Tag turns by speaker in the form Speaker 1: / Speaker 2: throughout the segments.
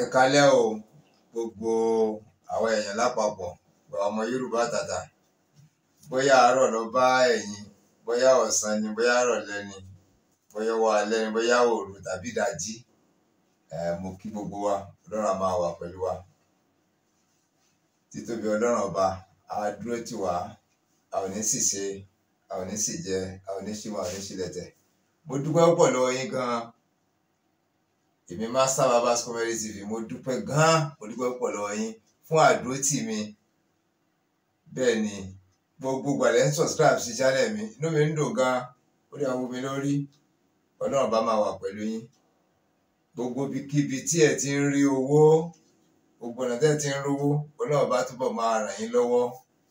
Speaker 1: ẹ kálẹ́ o gbogbo àwọn èèyàn lápapọ̀ ọmọ yorùbá tàtà bóyá àárọ̀ ló bá ẹ̀yin bóyá ọ̀sán ni bóyá àrọ̀lẹ́ ni bóyá wà alẹ́ ni bóyá òru tàbí ìdájí mo kí gbogbo wa ọlọ́run a máa wà pẹ̀lú wa títóbi ọlọ́run ọba a dúró tì wá a ò ní sì ṣe a ò ní sì jẹ a ò ní sì mọ a ò ní sì lẹ̀tẹ̀ mo dúpẹ́ púpọ̀ lọ́wọ́ yín gan-an èmi Master Barbers Comedy TV mo dúpẹ́ gan-an mo dúpẹ́ púpọ̀ lọ́wọ́ yín fún àdúrótì mi bẹ́ẹ̀ ni gbogbo gbàlẹ́ ń subscribe sí channel mi inú mi ń dùn gan-an ó dẹ̀ ń wú mi lórí ọlọ́run bá máa wà pẹ̀lú yín gbogbo ibikíbi tí ẹ ti ń rí owó gbogbo ọ̀nà tẹ́ ti ń rówó ọlọ́run bá túbọ̀ máa ràn yín lọ́wọ́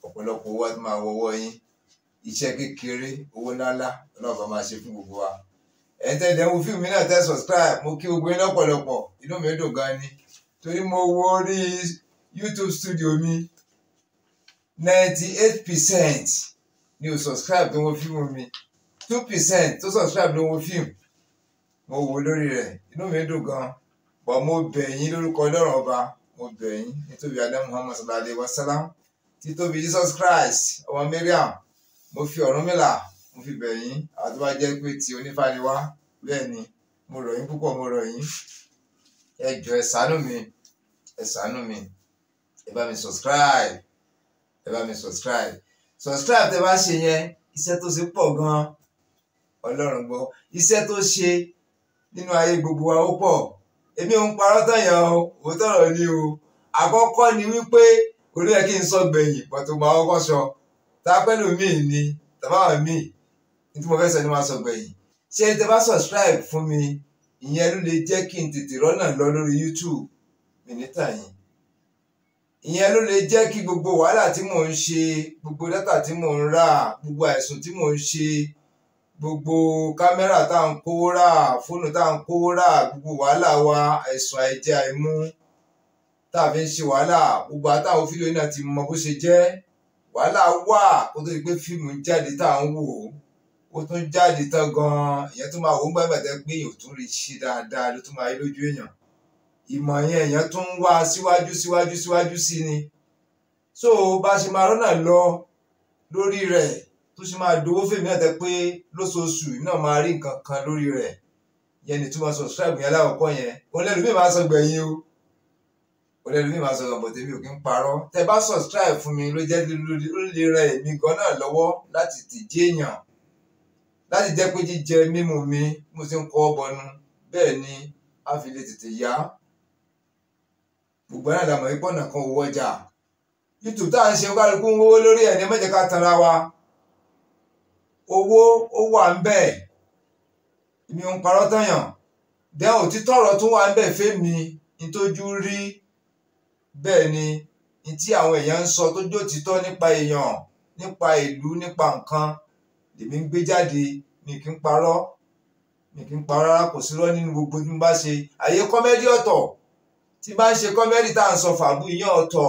Speaker 1: ọ̀pọ̀lọpọ̀ owó á tún máa wọwọ́ yín iṣẹ́ kékeré owó ńláńlá ọlọ́run bá máa ṣe fún gbogbo wa ẹ̀tẹ́ ìdẹ́wò fíìmù mi náà tẹ́ subscribe mo kí gbogbo yín lọ́pọ̀lọpọ̀ inú mi dùn gan ni torí mo wo orí YouTube studio mi ninety eight percent ni o subscribe tó wo fíìmù mi two percent tó subscribe ló wo fíìmù mo wò lórí rẹ̀ inú mi dùn gan bọ̀ mo bẹ̀ yín lórúkọ Ọlọ́run ọba mo bẹ̀ yín nítorí adé Muhammad sallallahu wa sallam títóbi Jesus Christ ọmọ Mariam mo fi Ọ̀rúnmìlà mo fi bẹ̀ yín àwọn tó bá jẹ́ pé ti onífá ni wá bẹ́ẹ̀ ni mo rọ̀ yín púpọ̀ mo rọ̀ yín ẹ jọ̀ọ́ ẹ ṣàánú mi ẹ ṣàánú mi ẹ bá mi subscribe ẹ bá mi subscribe subscribe tẹ bá ṣe yẹn iṣẹ́ tó ṣe pọ̀ gan-an ọlọ́run gbọ́ iṣẹ́ tó ṣe nínú ayé gbogbo wa ó pọ̀ èmi ò ń parọ́ tọ̀yàn o òótọ́ ọ̀rọ̀ ni o àkọ́kọ́ ni wípé orí ẹ̀ kí n sọ gbẹ̀yìn pọ̀tùmọ̀ ọkọ̀ sọ tápẹ́lú míì ni tàbáwọ̀ míì nítorí mo fẹ́ sọ ni máa sọ gbẹ̀yìn ṣé ẹ tẹ́ bá subscribe fún mi ìyẹn ló lè jẹ́ kí n tètè rọ́nà lọ lórí YouTube mi níta yìí ìyẹn ló lè jẹ́ kí gbogbo wàhálà tí mò ń ṣe gbogbo dátà tí mò ń rà gbogbo àìsùn tí mò ń ṣe gbogbo kámẹ́rà tá à ń kówó rà fóònù tá à ń kówó rà gbogbo wàhálà wa àìsùn àìjẹ àìmú tá a fi ń ṣe wàhálà gbogbo àtàwọn fídíò náà ti mọ bó ṣe jẹ́ wàhálà wà kó tó di pé fíìmù jáde tá à ń wò ó ó tún jáde tán gan-an èèyàn tún máa wò ó gbàgbà tẹ́ pé èèyàn ò tún rí ṣe dáadáa ló tún máa rí lójú èèyàn ìmọ̀ yẹn èèyàn tún ń wá síwájú síwájú síwájú sí ni so bá a ṣe máa rọ́nà lọ lórí rẹ̀ tó ṣe máa dowó fèmí náà tẹ́ pé lóṣooṣù náà máa rí nǹkan kan lórí rẹ̀ yẹn ni túmọ̀ subscribe yẹn láwọ̀kọ́ yẹn ọlẹ́lu mi máa sọ gbẹ̀yìn o ọlẹ́lu mi máa sọ ọ̀bọ̀ tèmi ò kí ń parọ́ tẹ́ bá subscribe fún mi ló jẹ́ lórí rẹ̀ mi gan náà lọ́wọ́ láti tìjé èèyàn láti jẹ́ pé jíjẹ mímu mi mo ti ń kọ́ ọ bọnu bẹ́ẹ̀ ni a fi lè tètè yá gbogbo náà làmọ̀ ipò ọ̀nà kan owó ọjà youtube tá à ń ṣe kálukú ń wówó lórí ẹ̀ ní mẹ́jẹ̀ ká tanra wa owó ó wà ń bẹ̀ mi ò ń parọ́ tọ̀yàn dẹ́ òtítọ́ ọ̀rọ̀ tún wà ń bẹ̀ fẹ́mi ní tójú rí bẹ́ẹ̀ ni ní tí àwọn èèyàn ń sọ tójú òtítọ́ nípa èèyàn nípa ìlú nípa nǹkan lèmi ń gbé jáde mi kì í parọ́ mi kì í parọ́ rárá kò sírọ́ nínú gbogbo tí mo bá ṣe àyè kọ́mẹ́dì ọ̀tọ̀ tí bá ń ṣe kọ́mẹ́dì tá à ń sọ fàbú ìyẹn ọ̀tọ̀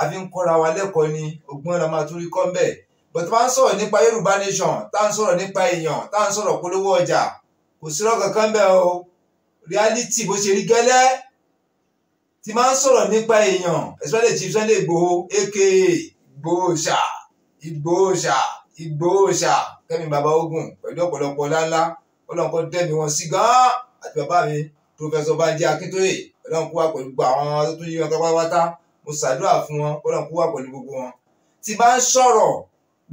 Speaker 1: àfi ń kọ́ra wa lẹ́kọ̀ọ́ ni ọgbọ́n la máa tún rí kọ́ mbẹ́ bọ̀tí bá ń sọ̀rọ̀ nípa Yorùbá nation tá à ń sọ̀rọ̀ nípa èèyàn tá à ń sọ̀rọ̀ polówó ọjà kò sírọ́ kankan mbẹ́ o reality bó ṣe rí gẹ́lẹ́ tí máa ń sọ̀rọ̀ nípa èèyàn especially Chief Sunday Igboho aka Igboho ṣá Igboho ṣá Ìgbòho-ṣà Kẹ́mi bàbá ogun pẹ̀lú ọ̀pọ̀lọpọ̀ láńlá ọlọ́run kó dẹ́mi wọn sí gan-an àti bàbá mi pòfẹ́sọ̀ Bánjí Akíntóyè ọlọ́run kó wà pẹ̀lú gbogbo àwọn tó tún yí wọn pátápátá mo ṣàdúrà fún wọn ọlọ́run wà pẹ̀lú gbogbo wọn. tí bá ń sọ̀rọ̀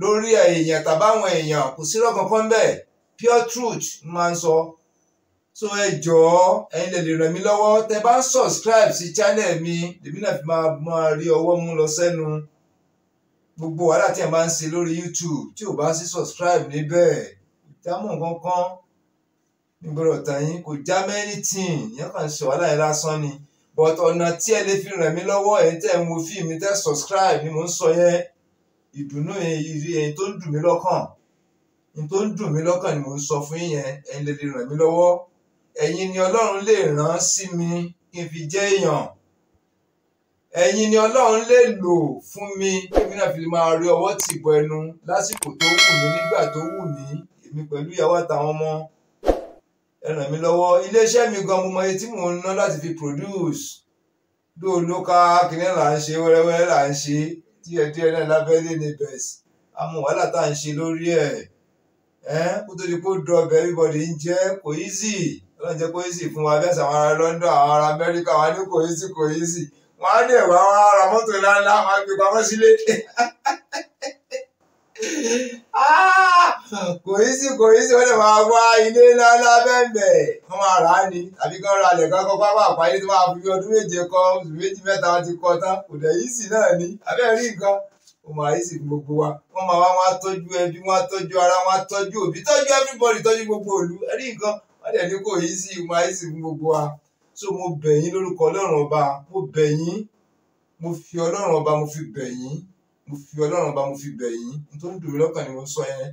Speaker 1: lórí èèyàn tàbáwọn èèyàn kò sí irọ́ kankan bẹ́ẹ̀ pure truth máa ń sọ so ẹ jọ̀ọ́ ẹ̀yin lè lè ràn mí lọ́wọ́ tẹ́ bá ń subscribe sí channel mi lèmi náà fi máa máa rí ọwọ́ mú lọ sẹ́nu gbogbo wàhálà tí ẹ máa ń ṣe lórí YouTube tí ò bá sí subscribe níbẹ̀ ìdámọ̀ kankan nígbọ́dọ̀ tán yín kò já mẹ́rìntìn yẹn kàn ṣe wàhálà yẹn lásán ni but ọ̀nà tí ẹ lè fi ràn mí lọ́wọ́ ẹ̀ tẹ́ ń wo fíìmù tẹ́ subscribe ni mò ń sọ yẹn ìdùnnú ìrí ẹ̀yin tó ń dùn mí lọ́kàn ẹ̀yin tó ń dùn mí lọ́kàn ni mò ń sọ fún yẹn ẹ̀yin lè ràn mí lọ́wọ́ ẹ̀yin ni Ọlọ́run lè rán sí mi kí n fi jẹ́ èèyàn ẹ̀yin ni ọlọ́run lè lò fún mi èmi náà fi máa rí ọwọ́ tì bọ ẹnu lásìkò tó wù mí nígbà tó wù mí èmi pẹ̀lú ìyàwó àtàwọn ọmọ ẹ ràn lọ́wọ́ iléeṣẹ́ mi gan mo mọ iye tí mò ń ná láti fi produce ló ló ká kìnìún là ń ṣe wẹ́rẹ́wẹ́rẹ́ là ń ṣe díẹ̀díẹ̀ náà lábẹ́lé ní bẹ̀s àmọ́ wàhálà tá à ń ṣe lórí ẹ̀ ẹ́ kó tó di kó dọ ọbẹ̀ everybody ń jẹ́ kò easy ọlọ́run jẹ́ kó easy fún wa bẹ́ẹ̀ sàwọn ará London àwọn ará Amẹ́ríkà wa ní kò easy kò easy wọ́n á dẹ̀ wá wá ra mọ́tò ńláńlá wọ́n á gbé pamọ́ sílé. Ah! kò yí sí kò yí sí wọ́n lè máa wá ilé ńláńlá bẹ́ẹ̀ wọ́n máa rà á ni àbí kí wọ́n ra alẹ̀ kan kọ́ pápá àpáyé tó máa fi ọdún méje kọ́ oṣù méjì mẹ́ta ti kọ́ tán kò dẹ̀ yí sí náà ni àbẹ́ rí nǹkan wọ́n máa yí sí gbogbo wa wọ́n máa wá wọ́n á tọ́jú ẹbí wọ́n á tọ́jú ara wọ́n á tọ́jú òbí tọ́jú everybody tọ́jú gbogbo ìlú rí nǹkan wọ́n dẹ̀ ní kò yí sí wọ́n máa yí sí gbogbo wa so mo bẹ̀ yín lórúkọ ọlọ́run ọba mo bẹ̀ yín mo fi ọlọ́run ọba mo fi bẹ̀ yín mo fi ọlọ́run ọba mo fi bẹ̀ yín n tó ń dùn mí lọ́kàn ni mo sọ yẹn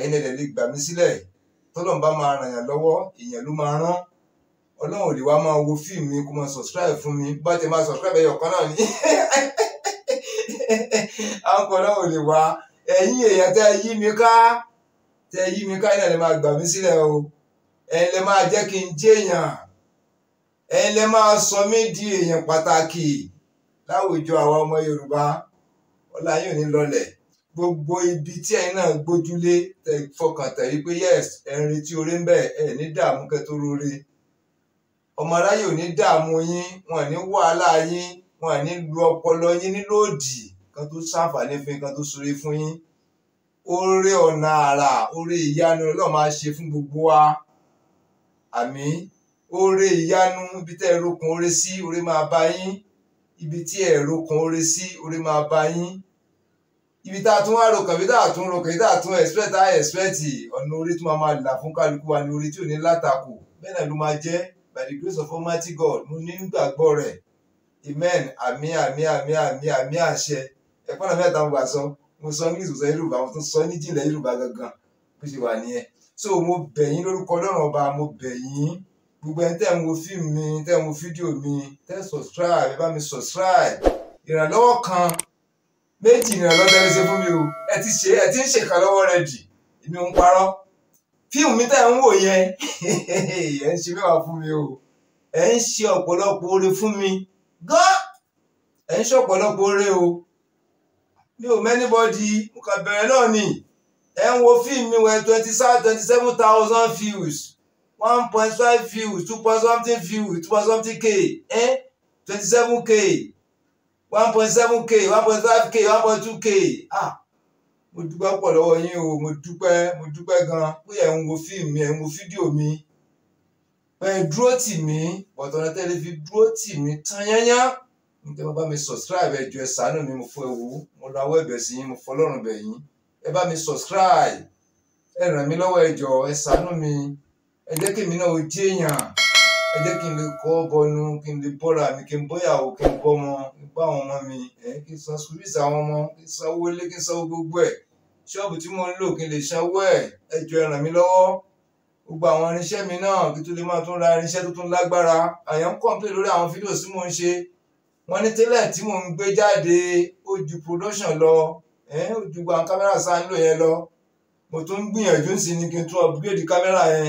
Speaker 1: ẹ̀yin ẹ̀dẹ̀ lè gbà mí sílẹ̀ tọ́lọ́run bá máa ràn yàn lọ́wọ́ èèyàn ló máa rán ọlọ́run ò lè wá máa wo fíìmù mi kó máa subscribe fún mi bá ti máa subscribe ẹyọ kan náà ni àwọn kan náà ò lè wá ẹ̀yin èèyàn tẹ́ yí mi ká tẹ́ yí mi ká ẹ̀yin lè máa gbà mí sílẹ̀ o ẹ̀yin lè máa jẹ́ kí n jẹ́ èèyàn ẹ lẹ máa sọ mí di èèyàn pàtàkì láwùjọ àwa ọmọ Yorùbá ọlá yóò ní lọlẹ̀ gbogbo ibi tí ẹ̀yin náà gbójúlé fọkàn tẹ̀lé pé yes ẹ̀ ń retí oore ń bẹ̀ ẹ̀ ní dààmú kẹ́ tó rore ọmọ aráyè ò ní dààmú yín wọn ní wàhálà yín wọn ní lu ọpọlọ yín nílòdì kan tó ṣàǹfààní fún yín kan tó ṣoore fún yín oore ọ̀nà àrà oore ìyanu Ọlọ́run máa ṣe fún gbogbo wa àmín oore ìyanu ibi tẹ́ ẹ rokun oore sí oore máa bá yín ibi tí ẹ rokun oore sí oore máa bá yín ibi tá a tún wá rokàn ibi tá a tún rokàn ibi tá a tún expect tá a expect ọ̀nà oore tí wọ́n máa là fún kálukú wa ní oore tí ò ní látakò bẹ́ẹ̀ náà ló máa jẹ́ by the grace of almighty God mo ní gbàgbọ́ rẹ̀ amen àmì àmì àmì àmì àmì àṣẹ ẹ̀kọ́ náà mẹ́ta mo gbà sọ mo sọ english mo yorùbá mo tún sọ ní jìnlẹ̀ yorùbá gangan bó ṣe wà nìyẹn so mo bẹ̀ yín lórúkọ ọlọ́run ọba mo bẹ̀ gbogbo ẹni tẹ́ ń wo fíìmù mi tẹ́ ń wo fídíò mi tẹ́ subscribe ẹ bá mi subscribe ìrànlọ́wọ́ kan méjì ìrànlọ́wọ́ tẹ́ lè ṣe fún mi o ẹ ti ṣe ẹ ti ń ṣèkà lọ́wọ́ rẹ dì èmi ń parọ́ fíìmù mi tẹ́ ń wò yẹn ẹ ń ṣe mẹ́wàá fún mi o ẹ ń ṣe ọ̀pọ̀lọpọ̀ oore fún mi gan ẹ ń ṣe ọ̀pọ̀lọpọ̀ oore o mi ò mẹ́nibọ́dì mo kàn bẹ̀rẹ̀ náà ni ẹ ń wo fíìmù mi wẹ̀ twenty seven thousand views one point five views two point something views two point something k eh twenty seven k one point seven k one point five k one point two k ah mo dúpẹ́ pọ̀ lọ́wọ́ yín o mo dúpẹ́ mo dúpẹ́ gan pé ẹ̀ ń wo fíìmù mi ẹ̀ ń wo fídíò mi ẹ̀ dúró tì mí bọ̀tọ̀nà tẹ́lẹ̀ fi dúró tì mí tán yányá ní tẹ́ wọ́n bá mi subscribe ẹ jọ̀ọ́ ẹ ṣàánú mi mo fọ ewu mo lọ awọ́ ẹ̀bẹ̀ sí yín mo fọ ọlọ́run bẹ̀ yín ẹ bá mi subscribe ẹ ràn mí lọ́wọ́ ẹ jọ̀ọ́ ẹ ṣàánú mi ẹ jẹ́ kí èmi náà ó jí èèyàn ẹ jẹ́ kí n lè kọ́ bọnu kí n lè bọ́ra mi kí n bọ́yàwó kí n bọ́mọ nípa àwọn ọmọ mi ẹ kí n san sùúrìsì àwọn ọmọ kí n sanwó ilé kí n sanwó gbogbo ẹ ṣọ́ọ̀bù tí mo ń lò kí n lè sanwó ẹ ẹ jọ̀ọ́ ẹ ràn mí lọ́wọ́ gbogbo àwọn irinṣẹ́ mi náà kí tó lè máa tún ra irinṣẹ́ tó tún lágbára àyàn ń kọ́ńpé lórí àwọn fídíò tí mò ń ṣe wọ́n ní tẹ́lẹ̀ tí mò ń gbé jáde ó ju production lọ ó ju gbàǹ kámẹ́rà sáà ń lò yẹn lọ mo tún ń gbìyànjú sí ni kí n tún upgrade kámẹ́rà yẹn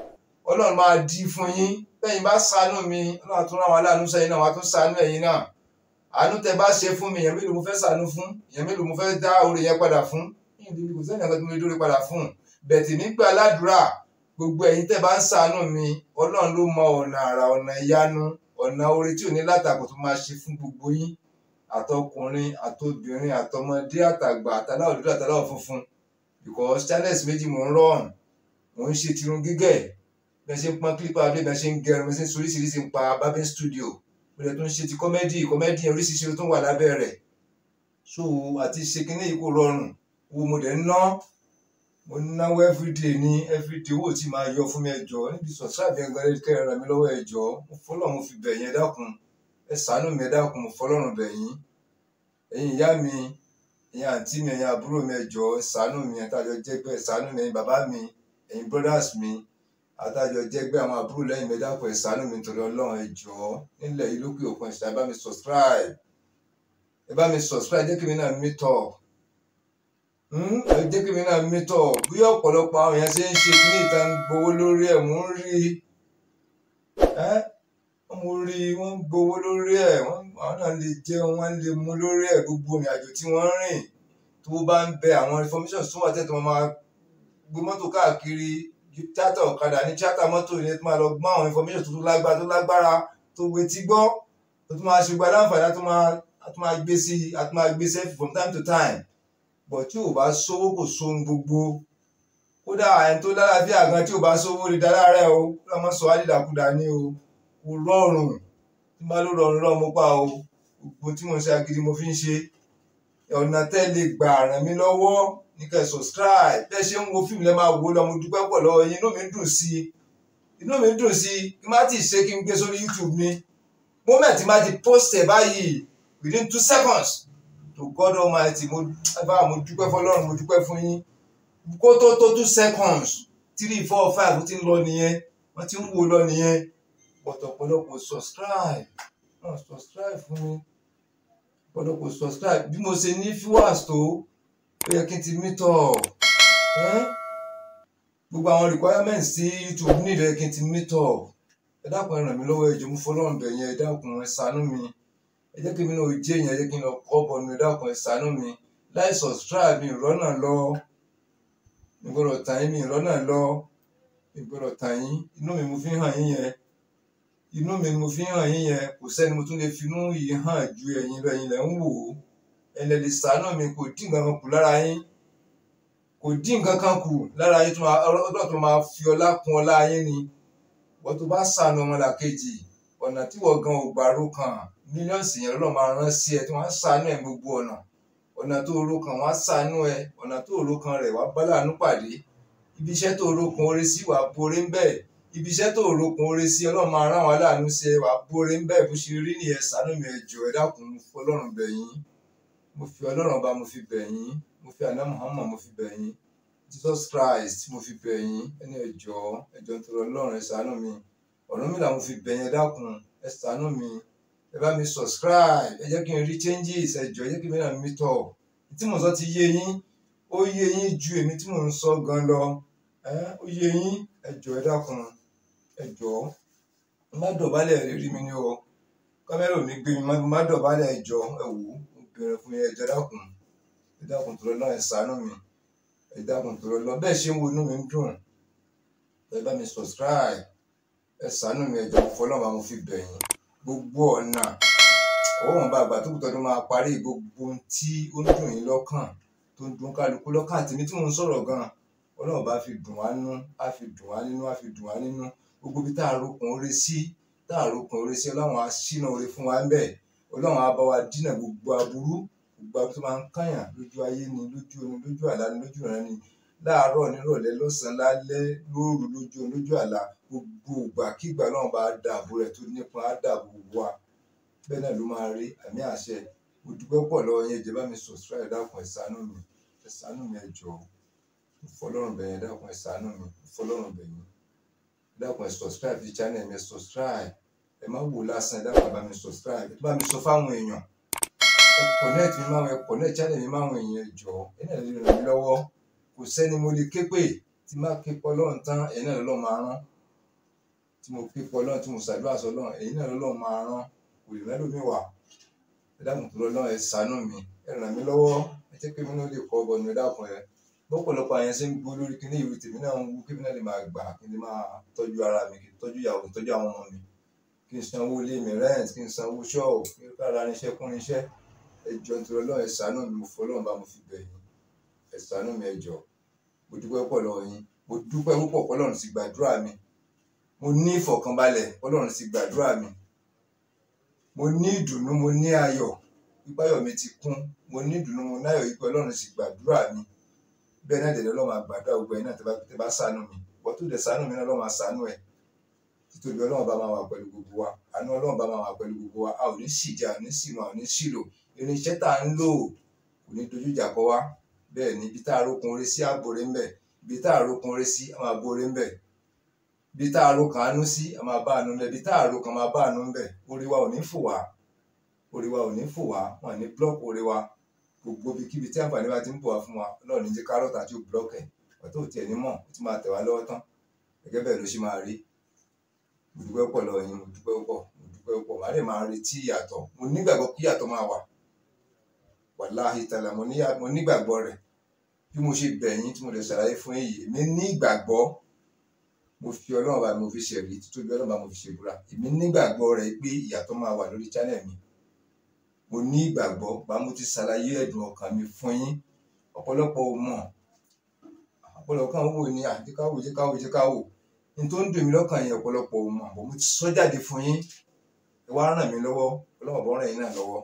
Speaker 1: ọlọ́run máa di fún yín bẹ́yìn bá ṣàánú mi ọlọ́run tó ràn wá láàánú sẹ́yìn náà wá tó ṣàánú ẹ̀yin náà àánú tẹ bá ṣe fún mi èèyàn mélòó mo fẹ́ ṣàánú fún èèyàn mélòó mo fẹ́ dá oore yẹn padà fún kò sẹ́yìn àgbàdo mi dóore padà fún bẹ̀tì mi gbà ládùúrà gbogbo ẹ̀yin tẹ bá ń ṣàánú mi ọlọ́run ló mọ ọ̀nà àrà ọ̀nà ìyanu ọ̀nà oore tí ò ní látàkùn tó máa ṣe fún gbogbo yín àtọkùnrin àtobìnrin àtọmọdé àtàgbà àtàláwọ̀ àtàláwọ̀ funfun because channels méjì mò ń rọrùn mò ń ṣe tirun gígẹ̀ bẹ́ẹ̀ ṣe ń pọn clipper abúlé bẹ́ẹ̀ ṣe ń gẹrun bẹ́ẹ̀ ṣe ń soríṣiríṣi ń pa barbing studio bẹ́ẹ̀ tó ń ṣe ti kọ́mẹ́dì kọ́mẹ́dì yẹn oríṣiríṣi ló tó wà lábẹ́ rẹ̀ so àti ṣe kinní yìí kò rọrùn wo mo dẹ̀ ń ná mo ń náwó everyday ní everyday owó tí máa yọ fún mi ẹjọ́ níbi subscribe yẹn gan kẹ́ ẹ ra mi lọ́wọ́ ẹjọ́ mo fọlọ́run mo fi bẹ̀ yẹn dákun ẹ ṣàánú mi ẹ dákun mo fọlọ́run bẹ̀ yín ẹ̀yin ìyá mi ẹ̀yin àǹtí mi ẹ̀yin àbúrò mi ẹjọ́ ẹ ṣàánú mi ẹ̀ tàjọ jẹ́ pé ẹ ṣàánú mi ẹ̀yin bàbá mi ẹ̀yin brothers mi adájọ́ jẹ́gbẹ́ àwọn àbúrò lẹ́yìn mẹ́dàpọ̀ ẹ ṣàánú mi nítorí ọlọ́run ẹ jọ̀ọ́ nílẹ̀ yìí lókè òkun ẹ̀ṣẹ̀ ẹ bá mi subscribe ẹ bá mi subscribe jẹ́ kí mi náà mítọ̀ ẹ jẹ́ kí mi náà mítọ̀ hmm? bí ọ̀pọ̀lọpọ̀ àwọn èèyàn ṣe ń ṣe kí ní ìta ń gbowó lórí ẹ̀ mò ń rí ẹ́ mo rí i wọ́n ń gbowó lórí ẹ̀ wọ́n náà lè jẹun wọ́n lè mu lórí ẹ̀ gbogbo ìrìn àjò tí wọ́n rìn tó bá ń bẹ àwọn information tó wà tẹ́tọ̀ máa gbé mọ́tò káàkiri tíátà ọ̀kadà ní tíátà mọ́tò ní tó máa lọ gbọ́n àwọn information tuntun lágbára tó lágbára tó wetí gbọ́ tó tún máa ṣe gba láǹfààní àti máa gbé sí àti máa gbé sẹ́fì from time to time bọ̀ tí ò bá sówó kò sóhun gbogbo kódà ẹni tó dára bí àgàn tí ò bá sówó lè dára rẹ o kódà mọ́ sọ àdìdàkudà ní o kò rọrùn tí bá ló rọrùn lọ́mú pa o gbogbo tí mo ṣe agídí mo fi ń ṣe ọ̀nà tẹ́lẹ̀ gbà ràn mí lọ́wọ́ ní kẹ́ subscribe bẹ́ẹ̀ ṣe ń wo fíìmù lẹ́ máa wò lọ mo dúpẹ́ pọ̀ lọ́wọ́ yín inú mi ń dùn sí i inú mi ń dùn sí i kí má ti ṣe kí n gbé sórí YouTube mi moment má ti post ẹ̀ báyìí within two seconds to God Almighty mo bá mo dúpẹ́ fọlọ́run mo dúpẹ́ fún yín kó tó tó two seconds three four five ó ti ń lọ nìyẹn wọ́n ti ń wo lọ nìyẹn but ọ̀pọ̀lọpọ̀ subscribe wọ́n subscribe fún mi ọ̀pọ̀lọpọ̀ subscribe bí mo ṣe ní viewers tó. ó yẹ kí n ti meet up gbogbo àwọn requirements tí YouTube ní ìdẹ́ kí n ti ẹ dákun ẹ ràn mí lọ́wọ́ ẹjọ́ mú fọlọ́run bẹ̀ yẹn ẹ dákun ẹ mi ẹ jẹ́ kí mi náà jẹ́ ẹ jẹ́ kí n lọ kọ́ ẹ dákun ẹ mi láì subscribe mi ìrọ́nà lọ ìgbọ́dọ̀ mi ìrọ́nà lọ ìgbọ́dọ̀ inú mi mo fi hàn yín yẹn inú ju ẹ̀lẹ́ lè sàánú mi kò dín nǹkan kan kù lára yín kò dín nǹkan kan kù lára yín tó máa tó máa fi ọlá kún ọlá yín ni wọ́n tó bá sàánú ọmọlàkejì ọ̀nà tí wọ́n gan ògbàrú kan mílíọ̀nsì yẹn lọ́ọ́ máa rán sí ẹ tí wọ́n á sàánú ẹ gbogbo ọ̀nà ọ̀nà tó oró kan wọ́n á sàánú ẹ ọ̀nà tó oró kan rẹ̀ wá bá láàánú pàdé ibi iṣẹ́ tó oró kan oore sí wàá borí ń bẹ́ẹ̀ ibi iṣẹ́ tó oró kan oore sí ọlọ́run máa rán wọn láàánú sí ẹ wàá borí ń bẹ́ẹ̀ bó ṣe rí nìyẹn sàánú mi ẹ̀jọ̀ ẹ dákun fọlọ́run bẹ̀yìn mo fi ọlọ́run ọba mo fi bẹ̀ yín mo fi àná muhammad mo fi bẹ̀ yín jesus christ mo fi bẹ̀ yín ẹni ẹ̀jọ́ ẹ̀jọ́ nítorí ọlọ́run ẹ ṣàánú mi Ọ̀rúnmìlà mo fi bẹ̀ yín ẹ dákun ẹ mi ẹ bá mi subscribe ẹ jẹ́ kí n rí changes ẹ jọ̀ọ́ ẹ jẹ́ kí mi náà mi tọ̀ tí mo sọ ti yé yín ó yé yín ju èmi tí mò ń sọ gan lọ ó yé yín ẹ jọ̀ọ́ ẹ má dọ̀bálẹ̀ rí mi ní o kámẹ́rà ò ní gbé mi má dọ̀bálẹ̀ ẹ jọ̀ọ́ bẹ̀rẹ̀ fún yẹn ẹjọ́ dákun ẹ dákun tó lọ náà ẹ ṣàánú mi ẹ dákun tó lọ lọ bẹ́ẹ̀ ṣe ń wo inú mi ń dùn ẹ bá mi subscribe ẹ ṣàánú mi ẹjọ́ fọlọ́mọ àwọn fi bẹ̀yìn gbogbo ọ̀nà òun bá àgbà tó kù tọdún máa parí gbogbo tí ó ń dùn yín lọ́kàn tó ń dùn kálukú lọ́kàn àti mi tí mò ń sọ̀rọ̀ gan-an ọlọ́run bá fi dùn wá nú á fi dùn wá nínú á fi dùn wá nínú gbogbo bí tá a rokun oore sí tá a rokun oore sí ọlọ́run á ṣínà oore fún wa ń bẹ́ẹ̀ ọlọ́run á bá wa dínà gbogbo aburú gbogbo aburú tó máa ń kàyàn lójú ayé ni lójú omi lójú àlá ni lójú ìran ni láàárọ̀ nírọ̀lẹ́ lọ́sàn-án lálẹ́ lóru lójú omi lójú àlá gbogbo ìgbàkígbà ọlọ́run bá dààbò rẹ̀ tó nípa á dààbò wa bẹ́ẹ̀ náà ló máa rí àmì àṣẹ mo pọ̀ lọ́wọ́ yẹn jẹ́ bá mi subscribe dákun ẹ ṣàánú mi ẹ ṣàánú mi ẹ jọ̀ọ́ mo fọlọ́run bẹ̀yẹn dákun ẹ mi mo bẹ̀yẹn dákun ẹ subscribe sí channel mi ẹ subscribe ẹ má wò lásán ẹ dábàá bá mi subscribe ẹ tó bá mi sọ fáwọn èèyàn ẹ connect mi máwọn ẹ connect channel mi máwọn èèyàn jọ ẹ náà lè ràn mí lọ́wọ́ kò sẹ́ni mo lè ké pè tí má ké pọ lọ́run tán ẹ náà lọ́ọ́ máa rán tí mo ké pọ lọ́run tí mo ṣàdúrà sọ lọ́run ẹ̀yin náà lọ́ọ́ máa rán kò lè mẹ́lòmí wà ẹ dákun tó lọ́ọ́ ẹ ṣàánú mi ẹ ràn mí lọ́wọ́ ẹ jẹ́ pé mi náà lè kọ́ ọ bọ̀ ní ẹ dákun ẹ lọ́pọ̀lọpọ̀ àyẹn ṣe ń gbó lórí kí ní ìwé tèmi náà ń wú kí mi náà lè máa gbà kí n lè máa tọ́jú ara mi kí n tọ́jú ìyàwó tọ́jú àwọn ọmọ mi kí n sanwó ilé mi rent kí n sanwó ṣọ́ọ̀bù kí n kára irinṣẹ́ kún irinṣẹ́ ẹjọ́ nítorí ọlọ́run ẹ̀sà náà mi mo fọ́ ọlọ́run bá mo fi bẹ̀ yín ẹ̀sà náà mi ẹjọ́ mo dúpẹ́ pọ̀ lọ́wọ́ yín mo dúpẹ́ púpọ̀ ọlọ́run sì gbàdúrà mi mo ní ìfọ̀kànbalẹ̀ ọlọ́run sì gbàdúrà mi mo ní ìdùnnú mo ní ayọ̀ ìpáyọ̀ mi ti kún mo ní ìdùnnú mo náyọ̀ ìpẹ́ ọlọ́run sì gbàdúrà mi bẹ́ẹ̀ náà dẹ̀ ṣàánú títóbi ọlọ́run bá máa wà pẹ̀lú gbogbo wa àánú ọlọ́run bá máa wà pẹ̀lú gbogbo wa a ò ní ṣìjà a ò ní ṣìnà a ò ní irinṣẹ́ tá à ń lò kò ní dojú ìjà kọ wa bẹ́ẹ̀ ni ibi tá a rókun oore sí àbòrè ńbẹ̀ ibi tá a rókun oore sí a máa bòrè ńbẹ̀ ibi tá a rókan àánú sí a máa bá àánú ńbẹ̀ ibi tá a rókan máa bá àánú ńbẹ̀ orí wa ò ní fò wá orí ò ní fò wá wọn ní búlọ́ọ̀kì orí gbogbo ibikíbi tí àǹfààní wa ti ń bò wá fún wa ọlọ́run jẹ́ kárọ̀tà tí ó búlọ́ọ̀kì ọ̀tọ̀ òtí ẹ̀ ní mọ̀ ó ti máa tẹ̀ wá lọ́wọ́ tán gẹ́gẹ́ bẹ́ẹ̀ ló ṣe máa rí mo dúpẹ́ pọ̀ lọ́wọ́ yín mo dúpẹ́ pọ̀ mo dúpẹ́ pọ̀ màá lè máa retí ìyàtọ̀ mo nígbàgbọ́ kí ìyàtọ̀ máa wà wàláhì tàlà mo nígbàgbọ́ rẹ̀ bí mo ṣe bẹ̀ yín tí mo lè ṣàlàyé fún èyí èmi ní ìgbàgbọ́ mo fi ọlọ́run bá mi fi ṣẹ̀rí títóbi ọlọ́run bá mi fi ṣèbúra èmi nígbàgbọ́ rẹ̀ pé ìyàtọ̀ máa wà lórí channel mi mo ní ìgbàgbọ́ bá mo ti ṣàlàyé ẹ̀dùn ọkàn mi fún yín ọ̀pọ̀lọpọ̀ ò mọ̀ ọ̀pọ̀lọpọ̀ kan wò ní àdíkáwò jíkáwò jíkáwò n tó ń dùn mí lọ́kàn yẹn ọ̀pọ̀lọpọ̀ mọ̀ bó mo ti sọ jáde fún yín ẹ wá ràn mí lọ́wọ́ ọlọ́run bọ́ ràn yín náà lọ́wọ́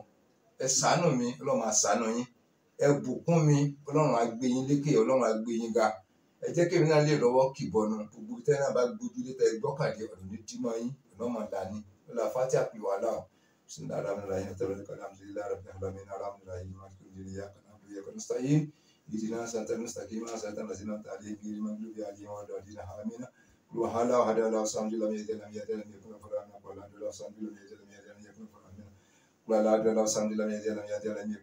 Speaker 1: ẹ ṣàánú mi ọlọ́run á ṣàánú yín ẹ bùkún mi ọlọ́run á gbé yín lékè ọlọ́run á gbé yín ga ẹ jẹ́ kí èmi náà lè lọ́wọ́ kìbọnù gbogbo tẹ́ náà bá gbójú lé tẹ́ gbọ́kànlé ọ̀dùn ní dímọ̀ yín ọlọ́mọ dání ọlọ́ afátí àpèwà láò sinda alhamdulilayi natabali kan alhamdulilayi nasina taali biri magdubi aliyin wa dɔdina hamina. وحالا وحدا لا سامج لم يزل لم يزل لم يكن فلانا ولا لا سامج لم يزل لم يزل لم يكن فلانا ولا لا لا سامج لم يزل لم يزل لم يكن فلانا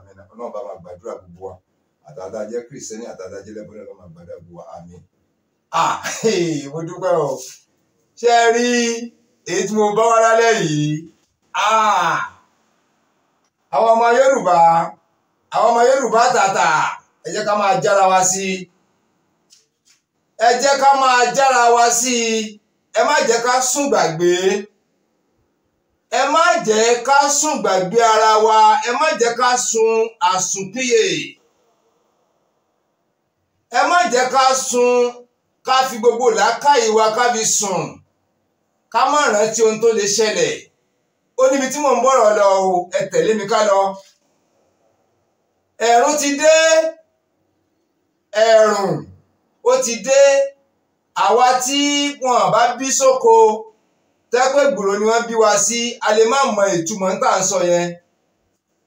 Speaker 1: آمين ọlọ́run bá máa gbàdúrà gbogbo wa àtàtà jẹ́ kìrìsìtẹ́nì àtàtà jẹ́ lẹ́bọ̀rẹ́ lọ́ máa gbàdúrà gbogbo wa àmín. ah mo dúpẹ́ o ṣé ẹ rí èyí tí mo bá wá lálẹ́ yìí ah àwọn ọmọ Yorùbá àwọn ọmọ Yorùbá tàtà ẹ jẹ́ ká máa jára wa sí i ẹ jẹ́ ká máa jára wa sí i ẹ má jẹ́ ká sùn gbàgbé ẹ má jẹ́ ká sùn gbàgbé ara wa ẹ má jẹ́ ká sun àsùnpìyè ẹ má jẹ́ ká sun ká fi gbogbo làákàyè wa ká fi sùn ká má rántí ohun tó lè ṣẹlẹ̀ ó níbi tí mò ń bọ̀rọ̀ lọ o ẹ tẹ̀lé mi ká lọ ẹ̀rùn ti dé ẹ̀rùn. E ó ti dé àwa tí wọn bá bí sóko tẹ́pẹ́ gbòòrò ni wọ́n bí wa sí a lè má mọ ìtumọ̀ ń tà ń sọ yẹn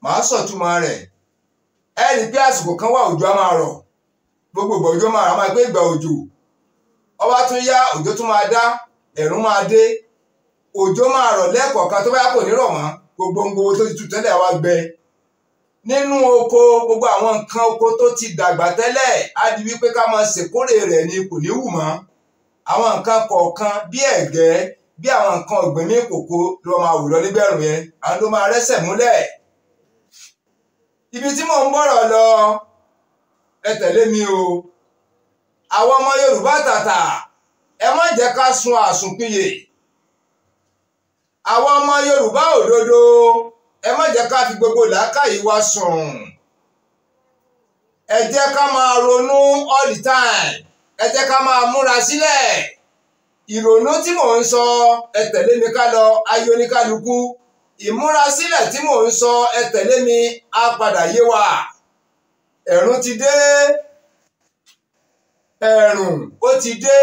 Speaker 1: màá sọ̀túmọ̀ rẹ̀ ẹ rí pé àsìkò kan wà òjò á máa rọ̀ gbogbo ìgbà òjò máa rà máa gbé ìgbà òjò ọba tún yá òjò tún máa dá ẹ̀rùn máa dé òjò máa rọ̀ lẹ́ẹ̀kọ̀ọ̀kan tó bá yà kò ní rọ̀ mọ́ gbogbo ohun gbogbo tó ti tu tẹ́lẹ̀ wá gbẹ nínú oko gbogbo àwọn nǹkan oko tó ti dàgbà tẹ́lẹ̀ á di wípé ká máa ṣèkórè rẹ̀ ni kò ní wù mọ́ àwọn nǹkan kọ̀ọ̀kan bí ẹ̀gẹ́ bí àwọn nǹkan ọ̀gbìn ní kòkó ló máa wù lọ nígbẹ̀rún yẹn àwọn ló máa rẹ́sẹ̀ múlẹ̀ ibi tí mò ń bọ̀rọ̀ lọ ẹ tẹ̀lé mi o àwọn ọmọ Yorùbá tàtà ẹ má jẹ́ ká sun àsùnpìyè àwọn ọmọ Yorùbá òdodo. ẹ má jẹ́ ká fi gbogbo làákàyè wa sùn ẹ jẹ́ ká máa ronú all the time ẹ jẹ́ ká máa múra sílẹ̀ ìrònú tí mò ń sọ ẹ tẹ̀lé mi ká lọ ayé oníkálukú ìmúrasílẹ̀ tí mò ń sọ ẹ tẹ̀lé mi á padà yé wa ẹ̀rùn ti dé ẹ̀rùn ó ti dé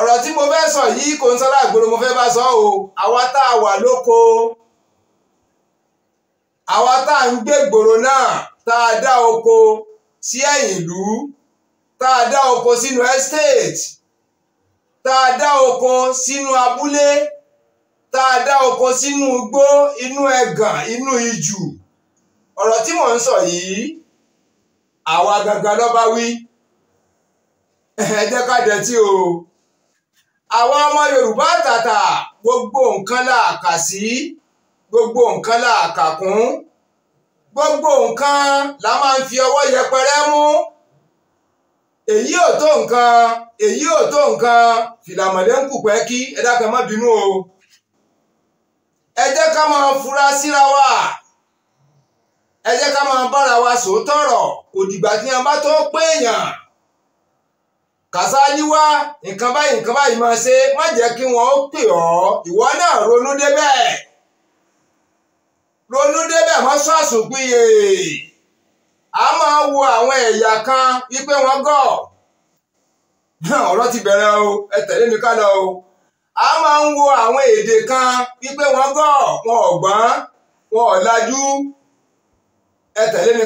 Speaker 1: ọ̀rọ̀ tí mo fẹ́ sọ yìí kò ń sọ́lá àgbòrò mo fẹ́ bá sọ o àwa tá a wà lóko àwa tá à ń gbé gbòòrò náà tá a dá oko sí ẹ̀yìn ìlú tá a dá oko sínú estate tá a dá oko sínú abúlé tá a dá oko sínú igbó inú ẹ̀gàn inú ijù ọ̀rọ̀ tí mò ń sọ yìí àwa gangan ló bá wí ẹ jẹ́ ká dẹ̀tí o àwa ọmọ Yorùbá tàtà gbogbo nǹkan là kà sí gbogbo nǹkan la kàkún gbogbo nǹkan la máa ń fi ọwọ́ yẹpẹrẹ mú èyí ò tó nǹkan èyí ò tó nǹkan fìlàmọ̀lẹ́ ń kù pẹ́ kí ẹ dákẹ́ má bínú o ẹ jẹ́ ká máa fura síra wa ẹ jẹ́ ká máa bára wa sòótọ́ ọ̀rọ̀ kò dìgbà tí a bá tó péèyàn kàsáájú wá nǹkan báyìí nǹkan báyìí máa ṣe má jẹ́ kí wọ́n pè ọ́ ìwọ náà ronú débẹ̀. ronú débẹ̀ wọ́n sọ àsùnpìyè a máa wo àwọn ẹ̀yà kan wípé wọ́n gọ̀ ọ̀rọ̀ ti bẹ̀rẹ̀ o ẹ tẹ̀lé o a máa ń wo àwọn èdè kan wípé wọ́n gọ̀ wọn ò wọn ò lajú ẹ tẹ̀lé mi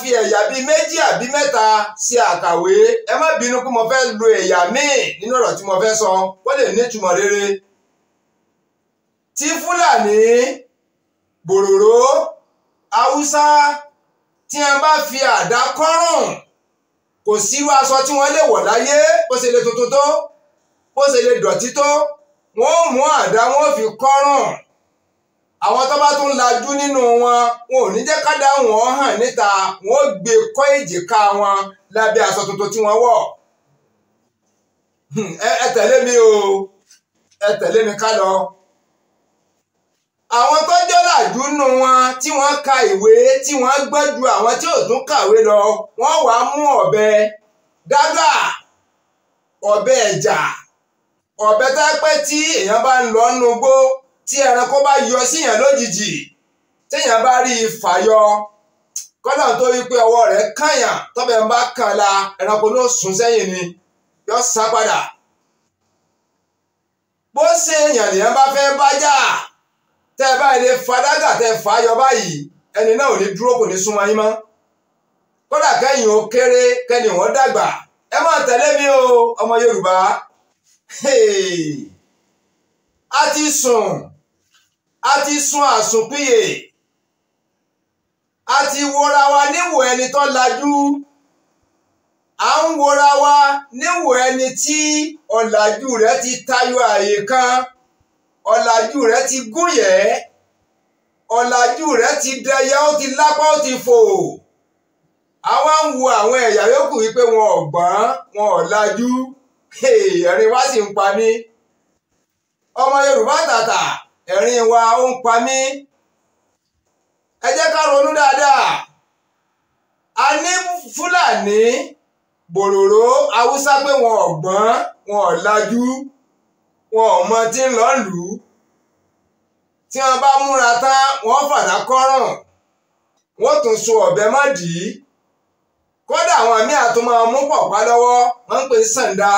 Speaker 1: fi ẹ̀yà bíi méjì àbí mẹ́ta ṣe àkàwé ẹ má bínú pé mo fẹ́ lo ẹ̀yà míì nínú ọ̀rọ̀ sọ wọ́n lè nítumọ̀ rere. tí fúlàní bòròró haúsá tí wọn bá fi àdá kọ́rùn kò sírú aṣọ tí wọ́n lè wọ̀ láyé bó ṣe lè tuntun tó bó ṣe lè dọ̀tí tó wọ́n mú àdá wọ́n fi kọ́rùn àwọn tó bá tún lajú nínú wọn wọn ò ní jẹ́ ká dá wọn hàn níta wọn ó gbé kọ́ èjìká wọn lábẹ́ aṣọ tuntun tí wọ́n wọ̀ hmm, ẹ tẹ̀lé mi o ẹ tẹ̀lé mi ká lọ. àwọn tó jọ́là dúnú wọn tí wọ́n ka ìwé tí wọ́n gbọ́n ju àwọn tí ò tún kàwé lọ wọ́n wá mú ọ̀bẹ daga ọ̀bẹ ẹ̀jà ọ̀bẹ tẹ́pẹ́ tí èèyàn bá ń lọ nínú igbó tí ẹranko bá yọ síyàn lójijì téèyàn bá rí i tó rí pé ọwọ́ rẹ̀ kàyàn yọ sá padà bó ṣe èèyàn nìyẹn tẹ́ ẹ báyìí lè fa dágà tẹ́ ẹ fà á yọ báyìí ẹni náà ò ní dúró kò ní súnmọ́ yín mọ́ kódà kẹ́yìn ó kéré kẹ́yìn wọ́n dàgbà ẹ máa tẹ̀lé mi o ọmọ Yorùbá a ti sùn a ti sùn àsùnpìyè a ti wora wa níwò ẹni tó lajú à ń wora wa níwò ẹni tí ọ̀làjú rẹ̀ ti tayọ àyè kan ọ̀làjú rẹ̀ ti gún yẹ̀ ọ̀làjú rẹ̀ ti dẹyẹ ó ti lápá ó ti fò àwa ń wo àwọn ẹ̀yà yòókù wípé wọn ò gbọ́n wọn ò làjú ẹ̀rín wa sì ń pa mí ọmọ Yorùbá tàtà ẹ̀rín wa ó ń pa mí ẹ jẹ́ ká ronú dáadáa a ní Fúlàní bòròró Haúsá pé wọn ò gbọ́n wọn ò wọn ò mọ tí ń lọ lù ú tí wọn bá múra tán wọn fàdá kọ́ràn wọn tún so ọ̀bẹ mọ́dì í kódà àwọn àmì àtúmọ̀ mú pọ̀pá lọ́wọ́ wọ́n ń pè sàǹdà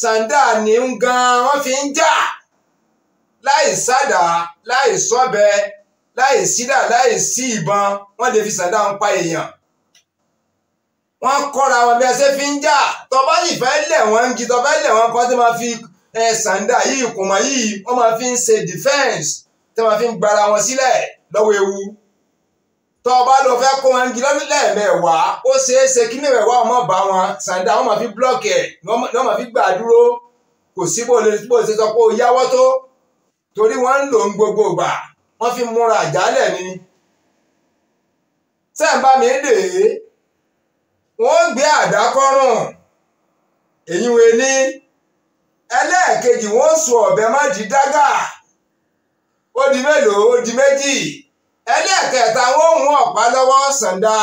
Speaker 1: sàǹdà ní ń gan wọ́n fi ń jà láì sádà láì sọ́bẹ láì sídà láì sí ìbọn wọ́n lè fi sàǹdà ń pa èèyàn wọ́n kọ́ra wọn bí ẹsẹ̀ fi ń jà tọ́ba yìí fẹ́ lẹ̀ wọ́n ń gi tọ́ba lẹ̀ wọ́n kọ́ tí wọ́n fi ẹ sàǹdà yìí kùmọ̀ yìí wọ́n máa fi ń ṣe defence tí wọ́n fi ń gbara wọn sílẹ̀ lọ́wọ́ ewu tó o bá lọ fẹ́ kó wọn gí lẹ́ẹ̀mẹ́wàá ó ṣeé ṣe kí mẹ́wàá ọmọ bá wọn sàǹdà wọ́n máa fi blọ́ọ̀kì ẹ̀ ni wọ́n máa fi gbà dúró kò sí bó lè bó ṣe sọ pé ó yáwọ́ tó torí wọ́n ń lò ń gbogbo ìgbà wọ́n fi múra àjálẹ̀ ni sẹ́ǹbà mi dè é wọ́n gbé àdákọ́rùn èyí wo ni. ẹlẹ́ẹ̀kejì wọ́n sọ ọ̀bẹ má di dágà ó di mélòó ó di méjì ẹlẹ́ẹ̀kẹta wọ́n mú ọ̀pá lọ́wọ́ sànda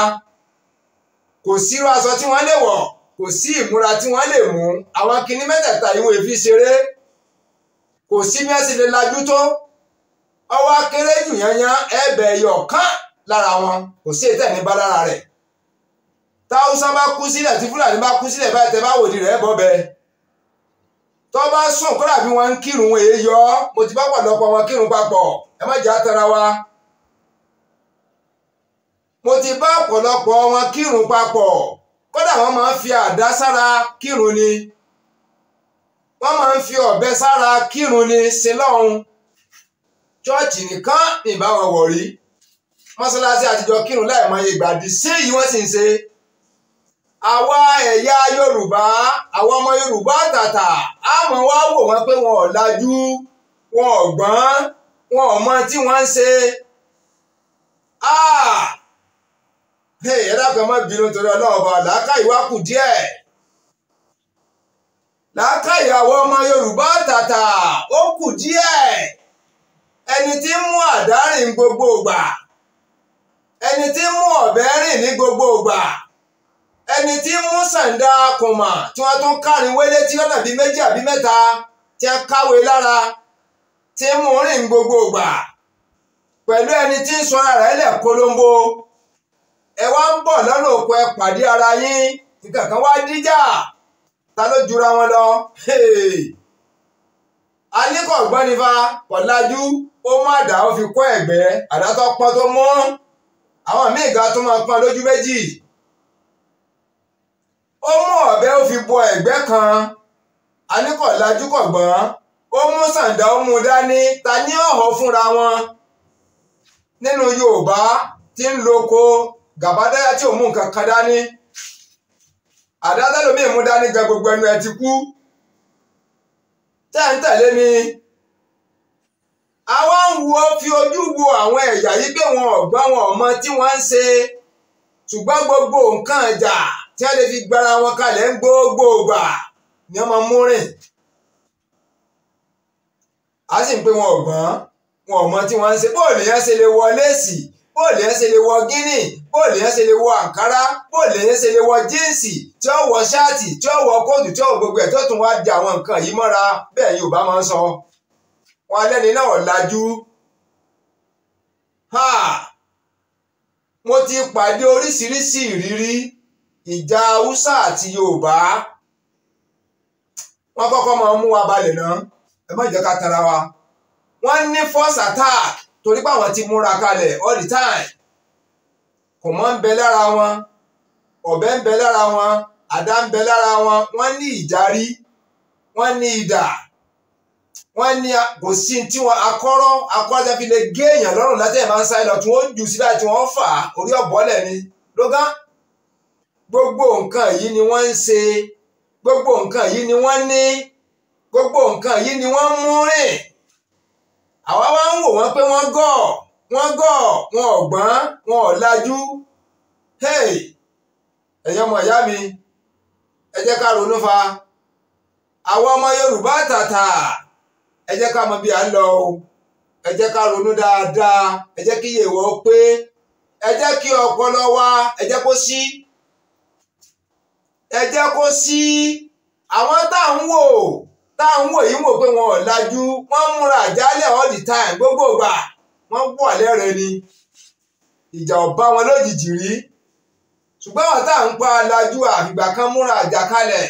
Speaker 1: kò sí irú aṣọ tí wọ́n lè wọ̀ kò sí ìmúra tí wọ́n lè mú àwọn kinní mẹ́tẹ̀ẹ̀ta ìwọ̀n èéfín ṣeré kò sí bí wọ́n sì lè lajú tó ọwọ́ akéré jù yanyan ẹ̀bẹ̀ ẹ̀yọ̀ kán lára wọn kò sí ètò ẹ̀níbá lára rẹ̀ táwùsá bá kú sílẹ̀ tí fúlàní bá kú sílẹ̀ báyìí tẹ́ bá wòdì rẹ̀ bọ́ bẹ́ẹ̀. tó bá sùn kódà bí wọ́n ń kírun èèyọ mo ti bá pọ̀lọpọ̀ wọn kírun papọ̀ ẹ má jà tara wa mo ti bá pọ̀lọpọ̀ wọn kírun papọ̀ kódà wọ́n máa ń fi àdá sára kírun ni wọ́n máa ń fi ọ̀bẹ sára kírun ni sílọ́hún chọ́ọ̀chì nìkan ìbáwọn wọ̀ rí àtijọ́ kírun láì mọ ìgbà sí èyí wọ́n sì ń ṣe àwa ẹ̀yà yorùbá àwọn ọmọ yorùbá tàtà á wá wò wọ́n wọn ò lajú wọn ò gbọ́n wọn ò mọ tí wọ́n ń ṣe. ẹ̀yà dákan mọ́ bínú torí ọlọ́ọ̀bà làákàyè wá kù díẹ̀ làákàyè àwọn ọmọ yorùbá ó kù díẹ̀ ẹni tí ń mú gbogbo ẹni tí ń mú ní ẹni tí ń mú sàǹdà kùmà tí wọ́n tún kárin wélé tí ó dàbí méjì àbí mẹ́ta tí ń káwé lára tí ń mú rìn gbogbo ìgbà pẹ̀lú ẹni tí ń sọra rẹ̀ lẹ̀ kolombo ẹ wá ń bọ̀ lọ́nà òkú ẹ pàdé ara yín nǹkan kan wá díjà ta ló jura wọn lọ alíkọ̀ gbọ́nifa kọ̀lájú ó má dà ó fi kọ́ ẹ̀gbẹ́ àdátọ́ pọ́n tó mú àwọn míì ga tó máa pọ́n lójú méjì. ó mú ọ̀bẹ ó fi bọ ẹ̀gbẹ́ kan aníkọ̀lájú kọ̀gbọ́n ó mú sàǹdà ó mú dání ta ní ọ̀họ́ fúnra wọn nínú Yorùbá tí ń loko gàbádáyà tí ò mú nǹkan kan dání àdádálómi mú dání gan gbogbo ẹnu ẹ ti kú tẹ́ ń tẹ̀lé mi àwa ń wo fi ojú wo àwọn ẹ̀yà yìí pé wọn ọ̀gbọ́n wọn ọmọ tí wọ́n ń ṣe ṣùgbọ́n gbogbo nǹkan jà. Ja tí a lè fi gbára wọn kalẹ̀ ń gbogbo ògbà ni wọ́n máa mú rìn a sì ń pé wọn ò gbọ́n wọn ò mọ tí wọ́n ń ṣe bóòlù yẹn ṣe lè wọ léèsì bóòlù yẹn ṣe lè wọ gíní bóòlù yẹn ṣe lè wọ àǹkárá bóòlù yẹn ṣe lè wọ jíǹsì tí ó wọ ṣáàtì tí ó wọ kóòtù tí ó gbogbo ẹ̀ tó tún wá di àwọn nǹkan yìí mọ́ra bẹ́ẹ̀ Yorùbá máa ń sọ wọn alẹ́ni náà ò lajú mo ti pàdé oríṣiríṣi ìrírí ìjà haúsá àti yorùbá wọ́n kọ́kọ́ máa mú wa balẹ̀ náà ẹ má jẹ́ ká tara wa wọ́n ní force attack torí pé àwọn ti múra kalẹ̀ all the time kò mọ́ ń bẹ lára wọn ọ̀bẹ ń bẹ lára wọn àdá ń bẹ lára wọn wọ́n ní ìdarí wọ́n ní idà wọ́n ní kò sí tí wọ́n akọ́rọ́ akọ́rọ́ fi lè gé èèyàn lọ́rùn látẹ̀ máa ń sáré lọ tí wọ́n jù síbẹ̀ tí wọ́n fà á orí ọ̀bọ̀lẹ̀ ni lógán gbogbo nǹkan yi ni wọ́n ń ṣe gbogbo nǹkan yìí ni wọ́n ní gbogbo nǹkan yìí ni wọ́n mú rìn àwa wá ń wò wọ́n pé wọ́n gọ̀ wọ́n gọ̀ wọn ò wọn ò Hey! ẹ̀yin ọmọ ìyá mi ẹ jẹ́ ká ronú fa àwọn ọmọ Yorùbá tàtà ẹ jẹ́ ká mọ bí à ń lọ o ẹ jẹ́ ká ronú dáadáa ẹ jẹ́ kí yèwọ́ pé ẹ jẹ́ kí ọpọlọ wa ẹ jẹ́ kó sí. Si ẹ jẹ́ kó sí àwọn tá à ń wò tá à ń wò yìí wò pé wọn ò lajú wọ́n múra àjálẹ̀ all the time gbogbo ìgbà wọ́n wọ̀ lẹ́rẹ̀ ni ìjà ò bá wọn lójijì rí ṣùgbọ́n àwọn tá à ń pa lajú àfìgbà kan múra àjàkálẹ̀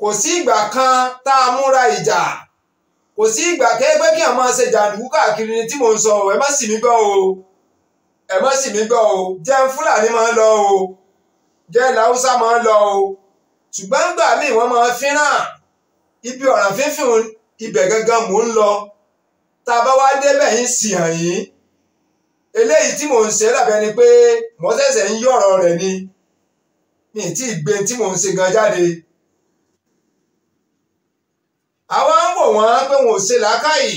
Speaker 1: kò sí ìgbà kan tá a múra ìjà kò sí ìgbà kẹ́gbẹ́ kí àwọn máa ṣe jàǹdùkú káàkiri ni tí mò ń sọ ẹ má sì mí gbọ́ o ẹ má sì mí gbọ́ o jẹun fúlàní máa ń lọ o. jẹ́ làwùsá máa ń lọ o ṣùgbọ́n nígbà míì wọ́n máa fínràn ibi ọ̀ràn fífìn ibẹ̀ gangan mò ń lọ tá a bá wá débẹ̀ yín sì hàn yín eléyìí tí mò ń ṣe dàbẹ́ ni pé mò ń ṣẹ̀ṣẹ̀ ń yọ̀rọ̀ rẹ̀ ni mi ì tí ì gbé tí mò ń ṣe gan jáde àwa ń wò wọ́n pé wọn ò ṣe làákàyè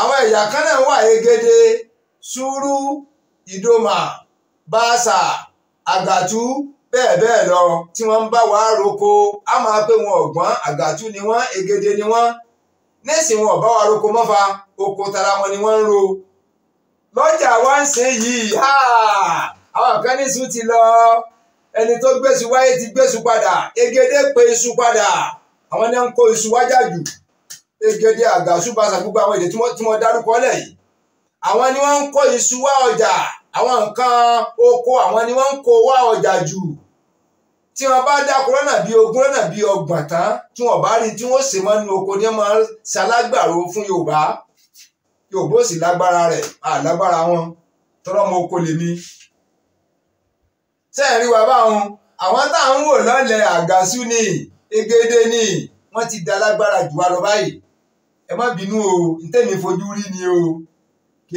Speaker 1: àwọn ẹ̀yà kan náà wà egede sùúrù ìdòmà báàsà àgàtú bẹ́ẹ̀ bẹ́ẹ̀ lọ tí wọ́n ń bá wa roko a máa pé wọn ọ̀gbọ́n àgàtú ni wọ́n egede ni wọ́n nẹ́sìn wọn ọ̀bá wa roko mọ́fà oko tara wọn ni wọ́n ń ro lọ́jà wa ń ṣe yìí àwọn kan ní sùn ti lọ ẹni tó gbèsù wáyé ti gbèsù padà egede pé iṣu padà àwọn náà ń kó iṣu wájà jù egede àgàtú bàṣà gbogbo àwọn èdè tí wọ́n dárúkọ lẹ̀ yìí àwọn ni wọ́n ń kó iṣu wá ọjà àwọn nǹkan oko àwọn ni wọ́n ń kó wá ọjà jù tí wọ́n bá dáko lọ́nà bíi ogún lọ́nà bíi ọgbọ̀n tán tí wọ́n bá rí tí wọ́n sì máa ń nu oko ní máa ń ṣalágbàro fún Yorùbá Yorùbá ò sì lágbára rẹ̀ àlágbára wọn tọ́lọ́ mọ oko lèmi. sẹ́ẹ̀rí wa báwọn àwọn tá à ń wò lọ́lẹ̀ àgàsù ni egede ni wọ́n ti da lágbára jù wá lọ báyìí ẹ má bínú o ntẹ́mi fojú rí ni o.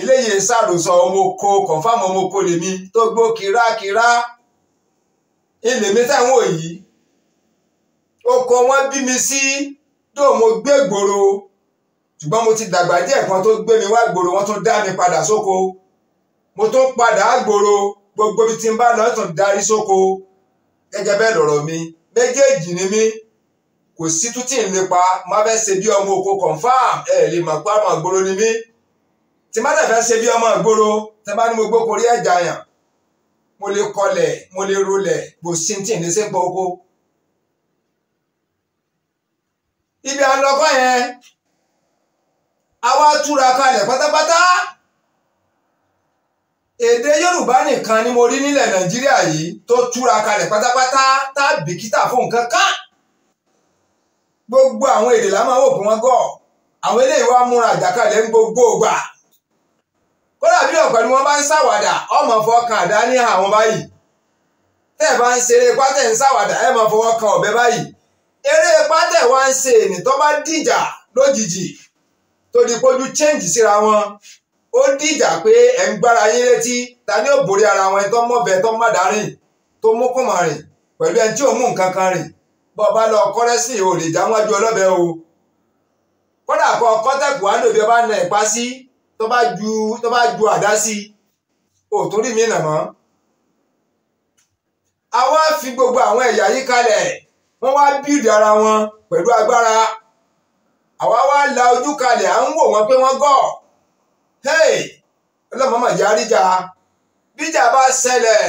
Speaker 1: eléyìí ṣàròsọ ọmọ oko confam ọmọ oko lèmi tó gbó kírákírá ìlèmi táwọn òyì oko wọn bí mi sí tó mo gbé gbòòrò ṣùgbọ́n mo ti dàgbà díẹ̀ kan tó gbé mi wá gbòòrò wọ́n tún dá mi padà sóko mo tún padà gbòòrò gbogbo ibi tí n bá lọ́ọ́ tún darí sóko gẹ́gẹ́ bẹ́ẹ̀ lọ̀rọ̀ mi méjèèjì ni mí kò sí tútì nípa má fẹ́ ṣe bí ọmọ oko confam ẹ̀ lè mọ̀ pé àmọ̀ gbòòrò ni mí. tí má dẹ̀ fẹ́ ṣe bí ọmọ ìgboro tí bá ní mo gbó korí ẹ̀jà yàn mo lè kọlẹ̀ mo lè rolẹ̀ kò sí tí ì ní sí pọ̀ oko. ibi àlọ́kọ́ yẹn àwa túra kalẹ̀ pátápátá èdè Yorùbá nìkan ni mo rí nílẹ̀ Nàìjíríà yìí tó túra kalẹ̀ pátápátá tá bìkítà fún nǹkan kan gbogbo àwọn èdè la máa wò pé wọ́n gọ̀ àwọn eléyìí wá múra àjàkálẹ̀ ń gbogbo ògbà. kódà bí ọ̀pẹ ni wọ́n bá ń ọmọ fọkàn àdá ní àwọn báyìí tẹ́ bá ń ṣeré máa fọwọ́ ọ̀bẹ báyìí eré pátẹ́ wá ń ṣe bá dìjà lójijì tó di change síra wọn ó dìjà pé ẹ̀ ń gbára yín létí ta ni ó borí ara wọn tó tó pẹ̀lú ẹni tí ò mú tó bá ju tó bá ju àdá sí ò tún rí mi nà mọ́. àwa fi gbogbo àwọn ẹ̀yà yìí kalẹ̀ wọ́n wá bíìdì ara wọn pẹ̀lú agbára àwa wá la ojú kalẹ̀ à ń wò wọ́n pé wọ́n gọ̀ ọlọ́mọ mọ̀ já ríjà bíjà bá ṣẹlẹ̀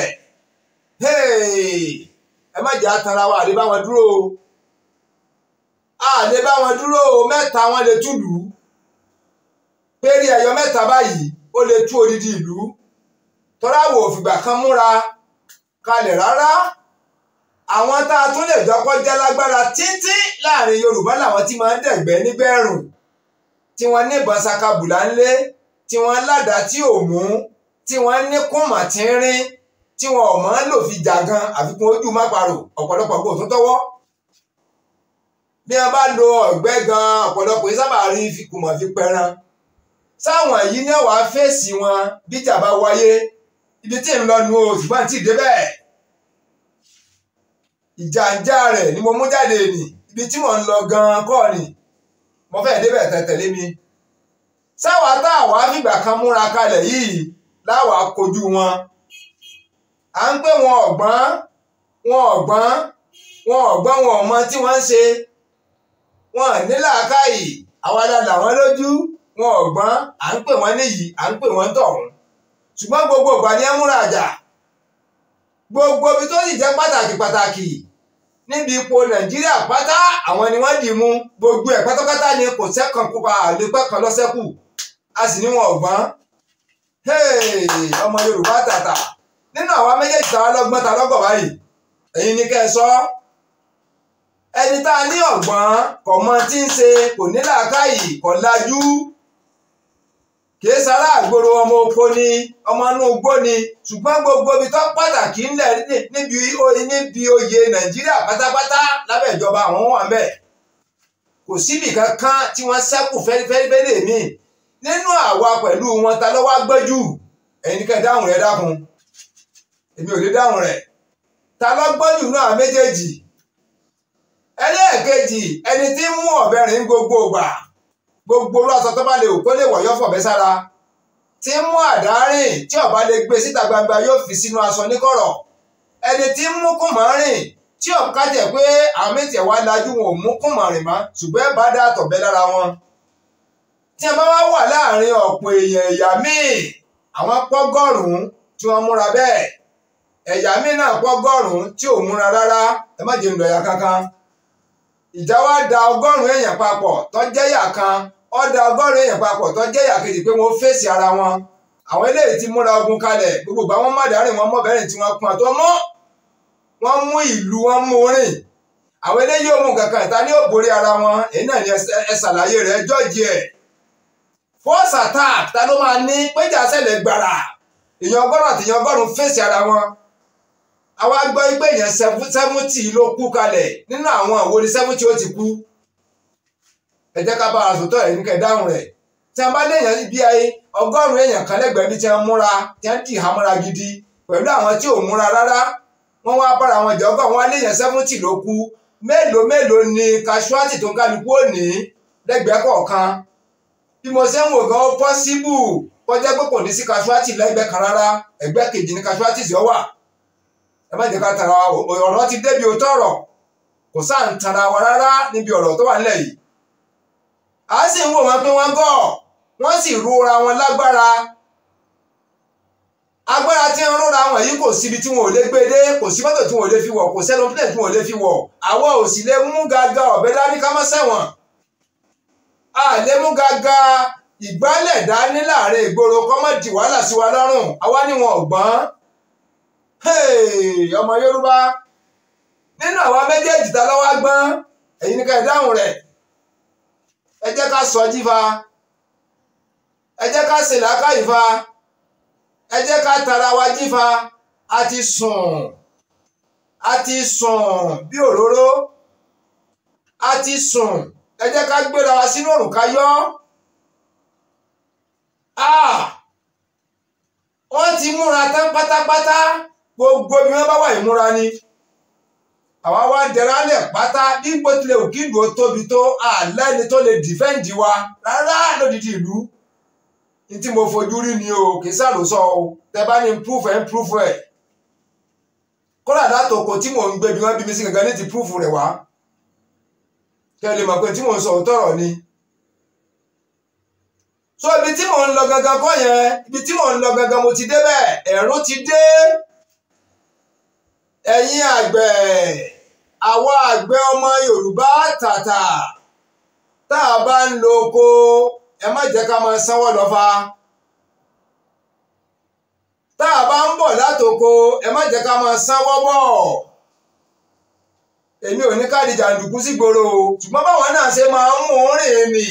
Speaker 1: ẹ má jà tanra wa àdébáwọn dúró àdébáwọn dúró mẹ́ta wọn lè túlùú pérí ẹ̀yọ mẹ́ta báyìí ó lè tú odidi ìlú tọ́láwò òfìgbà kan múra kalẹ̀ rárá àwọn tá a tún lè jọpọ̀ jẹ́ lágbára títí láàrin Yorùbá làwọn tí máa ń dẹ̀gbẹ́ nígbẹ̀rùn tí wọ́n níbọn sakabùlà ńlé tí wọ́n ládàá tí ò mú tí wọ́n ní kùmà tí ń rín tí wọn ò mọ́ lò fi jà gan àfikún ojú má parò ọ̀pọ̀lọpọ̀ kò tún tọ́wọ́ bí wọ́n bá lo ọ̀gbẹ́ gan ọ̀pọ̀lọpọ̀ yìí sábà kùmọ̀ fi pẹran sáwọn yìí ní ọ̀wá fèsì wọn bíjà bá wáyé ibi tí ń lọ nu o tí débẹ̀ ìjàǹjà rẹ̀ ni mo mú jáde nì ibi tí mò ń lọ gan kọ́ ni mo fẹ́ débẹ̀ tẹ̀tẹ̀lé mi sáwọn táwa fìgbà kan múra kalẹ̀ yìí láwa kojú wọn à ń pè wọn ọ̀gbọ́n wọn ọ̀gbọ́n wọn ọ̀gbọ́n wọn ọmọ tí wọ́n ń ṣe wọn nílàákàyè àwa la là wọ́n lójú wọn ò gbọ́n à ń pè wọ́n níyì à ń pè wọ́n tọ̀hún ṣùgbọ́n gbogbo ìgbà ni ẹ múra àjà gbogbo ibi tó sì jẹ́ pàtàkì pàtàkì níbi ipò nàìjíríà pátá àwọn ni wọ́n dì mú gbogbo ẹ̀ pátápátá ni kò sẹ́kàn kópa àlepẹ́ kan lọ́sẹ́kù a sì ní wọn ò gbọ́n ọmọ yorùbá tàtà nínú àwa méjèèjì tàwa lọ́gbọ́n ta lọ́gọ̀ báyìí ẹ̀yin ni kẹ́ ẹ sọ ẹni tá a ní ọ̀gbọ́n kò mọ tí ń ṣe kò ní làákàyè kò lajú kìí sára àgbòrò ọmọ oko ni ọmọ inú ni ṣùgbọ́n gbogbo ibi tó pàtàkì ńlẹ̀ níbi níbi oyè nàìjíríà pátápátá lábẹ́ ìjọba àwọn wà ń bẹ̀ kò síbì kankan tí wọ́n sẹ́kù fẹ́rẹ́fẹ́rẹ́ mi nínú àwa pẹ̀lú wọn ta lọ́wọ́ gbẹ́jù ẹ̀yin kẹ́ dáhùn èmi ò lè dáhùn ta gbọ́jù náà méjèèjì ẹlẹ́ẹ̀kejì ẹni gbogbo olú aṣọ tó bá lè wò kó lè wọ̀ yọ fọ̀ bẹ́ sára tí ń mú àdárìn tí ọba lè gbé síta gbangba yóò fi sínú aṣọ níkọ̀rọ̀ ẹni tí ń mú kùmọ̀ rìn tí ọ̀ká jẹ́ pé àmì tẹ̀ wá lajú wọn ò mú kùmọ̀ rìn mọ́ ṣùgbọ́n ẹ̀ bá dá àtọ̀bẹ́ lára wọn tí a bá wá wà láàrin ọ̀pọ̀ èèyàn ẹ̀yà míì àwọn pọ́gọ́rùn-ún tí wọ́n múra bẹ́ẹ̀ ẹ̀yà míì náà pọ́gọ́rùn-ún tí ò múra rárá ẹ má jẹun lọ́yà kankan ìjà wa da ọgọ́rùn-ún èèyàn papọ̀ tó kan ọ̀dà ọgọ́rin èèyàn papọ̀ tó jẹ́ ìyàkejì pé wọ́n fèsì ara wọn àwọn eléyìí ti múra ogun kalẹ̀ gbogbo bá wọn mọ̀dárìn wọn mọ̀bẹ̀rẹ̀ tí wọ́n pọn tó mọ́ wọ́n mú ìlú wọn mú rìn àwọn eléyìí ò mú kankan ìta ní òbórí ara wọn èyí náà ni ẹ ṣàlàyé rẹ jọ́ọ̀jì ẹ̀ force attack ta ló máa ní péjà ṣẹlẹ̀ gbàrà èèyàn ọgọ́rùn àti èèyàn ọgọ́rùn fèsì ara wọn àwa gbọ́ pé èèyàn ló kú kalẹ̀ nínú àwọn òwò ni ó ti kú ẹ jẹ́ ká bára sòtọ́ ẹ̀ níkẹ́ dáhùn rẹ̀ tí a bá léèyàn ibi ayé ọgọ́rùn-ún èèyàn kan lẹ́gbẹ̀ẹ́ bí tí wọ́n múra tí wọ́n dì í gidi pẹ̀lú àwọn tí ò múra rárá wọ́n wá bára wọn jẹ́ ọgọ́rùn-ún wọn léèyàn sẹ́fúntì ló kú mélòó mélòó ni kasuwátì tó ń kálukú òní lẹ́gbẹ̀ẹ́ kọ̀ọ̀kan bí mo ṣe ń wò gan ó pọ́síbù kọjá pé kò ní sí kasuwátì lẹ́gbẹ̀ẹ́ kan rárá ẹgbẹ́ kejì ni kasuwátì sì wà ẹ má jẹ́ ká tara ọ̀rọ̀ ti débi òótọ́ ọ̀rọ̀ kò sáà ń tara wa rárá níbi ọ̀rọ̀ tó wà nílẹ̀ yìí a sì ń wò wọ́n pé wọ́n gọ̀ wọ́n sì rora wọn lágbára agbára tí ń rora wọn yìí kò síbi tí wọn ò lè gbé dé kò sí mọ́tò tí wọn ò lè fi wọ̀ kò sẹ́nu plẹ̀ tí wọn ò lè fi wọ̀ àwa ò sì lè mú gàgà ọ̀bẹ dání ká má ṣẹ̀wọ̀n a lè mú gàgà ìgbálẹ̀ dání láàrin ìgboro kọ́ má di wàhálà sí wa lọ́rùn àwa ni wọn ò gbọ́n ọmọ Yorùbá nínú àwa méjèèjì ta ló wá èyí ni ká ẹ dáhùn rẹ̀ ẹ jẹ́ ká sọjí fa ẹ jẹ́ ká ṣe làákàyè fa ẹ jẹ́ ká tara wa jí fa a ti sùn a ti sùn bí òróró a ti sùn ẹ jẹ́ ká gbéra wa sínú òrùn ká wọ́n ti múra tán pátápátá gbogbo bí wọ́n bá wà ìmúra ni àwa wá dẹ̀ra lẹ̀ pátá bí gbótilẹ̀ òkìndùn ó tóbi tó àlẹ́ ni tó lè dìfẹ́ǹdì wa rárá lódìdí ìlú ní tí mo fojú rí ni o kì í sàlùsọ o tẹ bá ní proof ẹ̀ ń proof ẹ̀ kódà látòkò tí mò ń gbé bí wọ́n bí mi sí gangan ní ti proof rẹ̀ wá kẹ́ ẹ lè mọ̀ pé tí mò ń sọ òótọ́rọ̀ ni so ibi tí mò ń lọ gangan kọ́ yẹn ibi tí mò ń lọ gangan mo ti dé bẹ́ẹ̀ ẹ̀rún ti dé ẹ̀yin àgbẹ̀. àwa àgbẹ̀ ọmọ Yorùbá tàtà tá a bá ń lo oko ẹ má jẹ́ ká máa sanwó lọ́fà tá a bá ń bọ̀ látoko ẹ má jẹ́ ká máa sanwó bọ̀ èmi ò ní káàdì jàǹdùkú sígboro, ṣùgbọ́n báwọn náà ṣe máa ń mú un rìn mí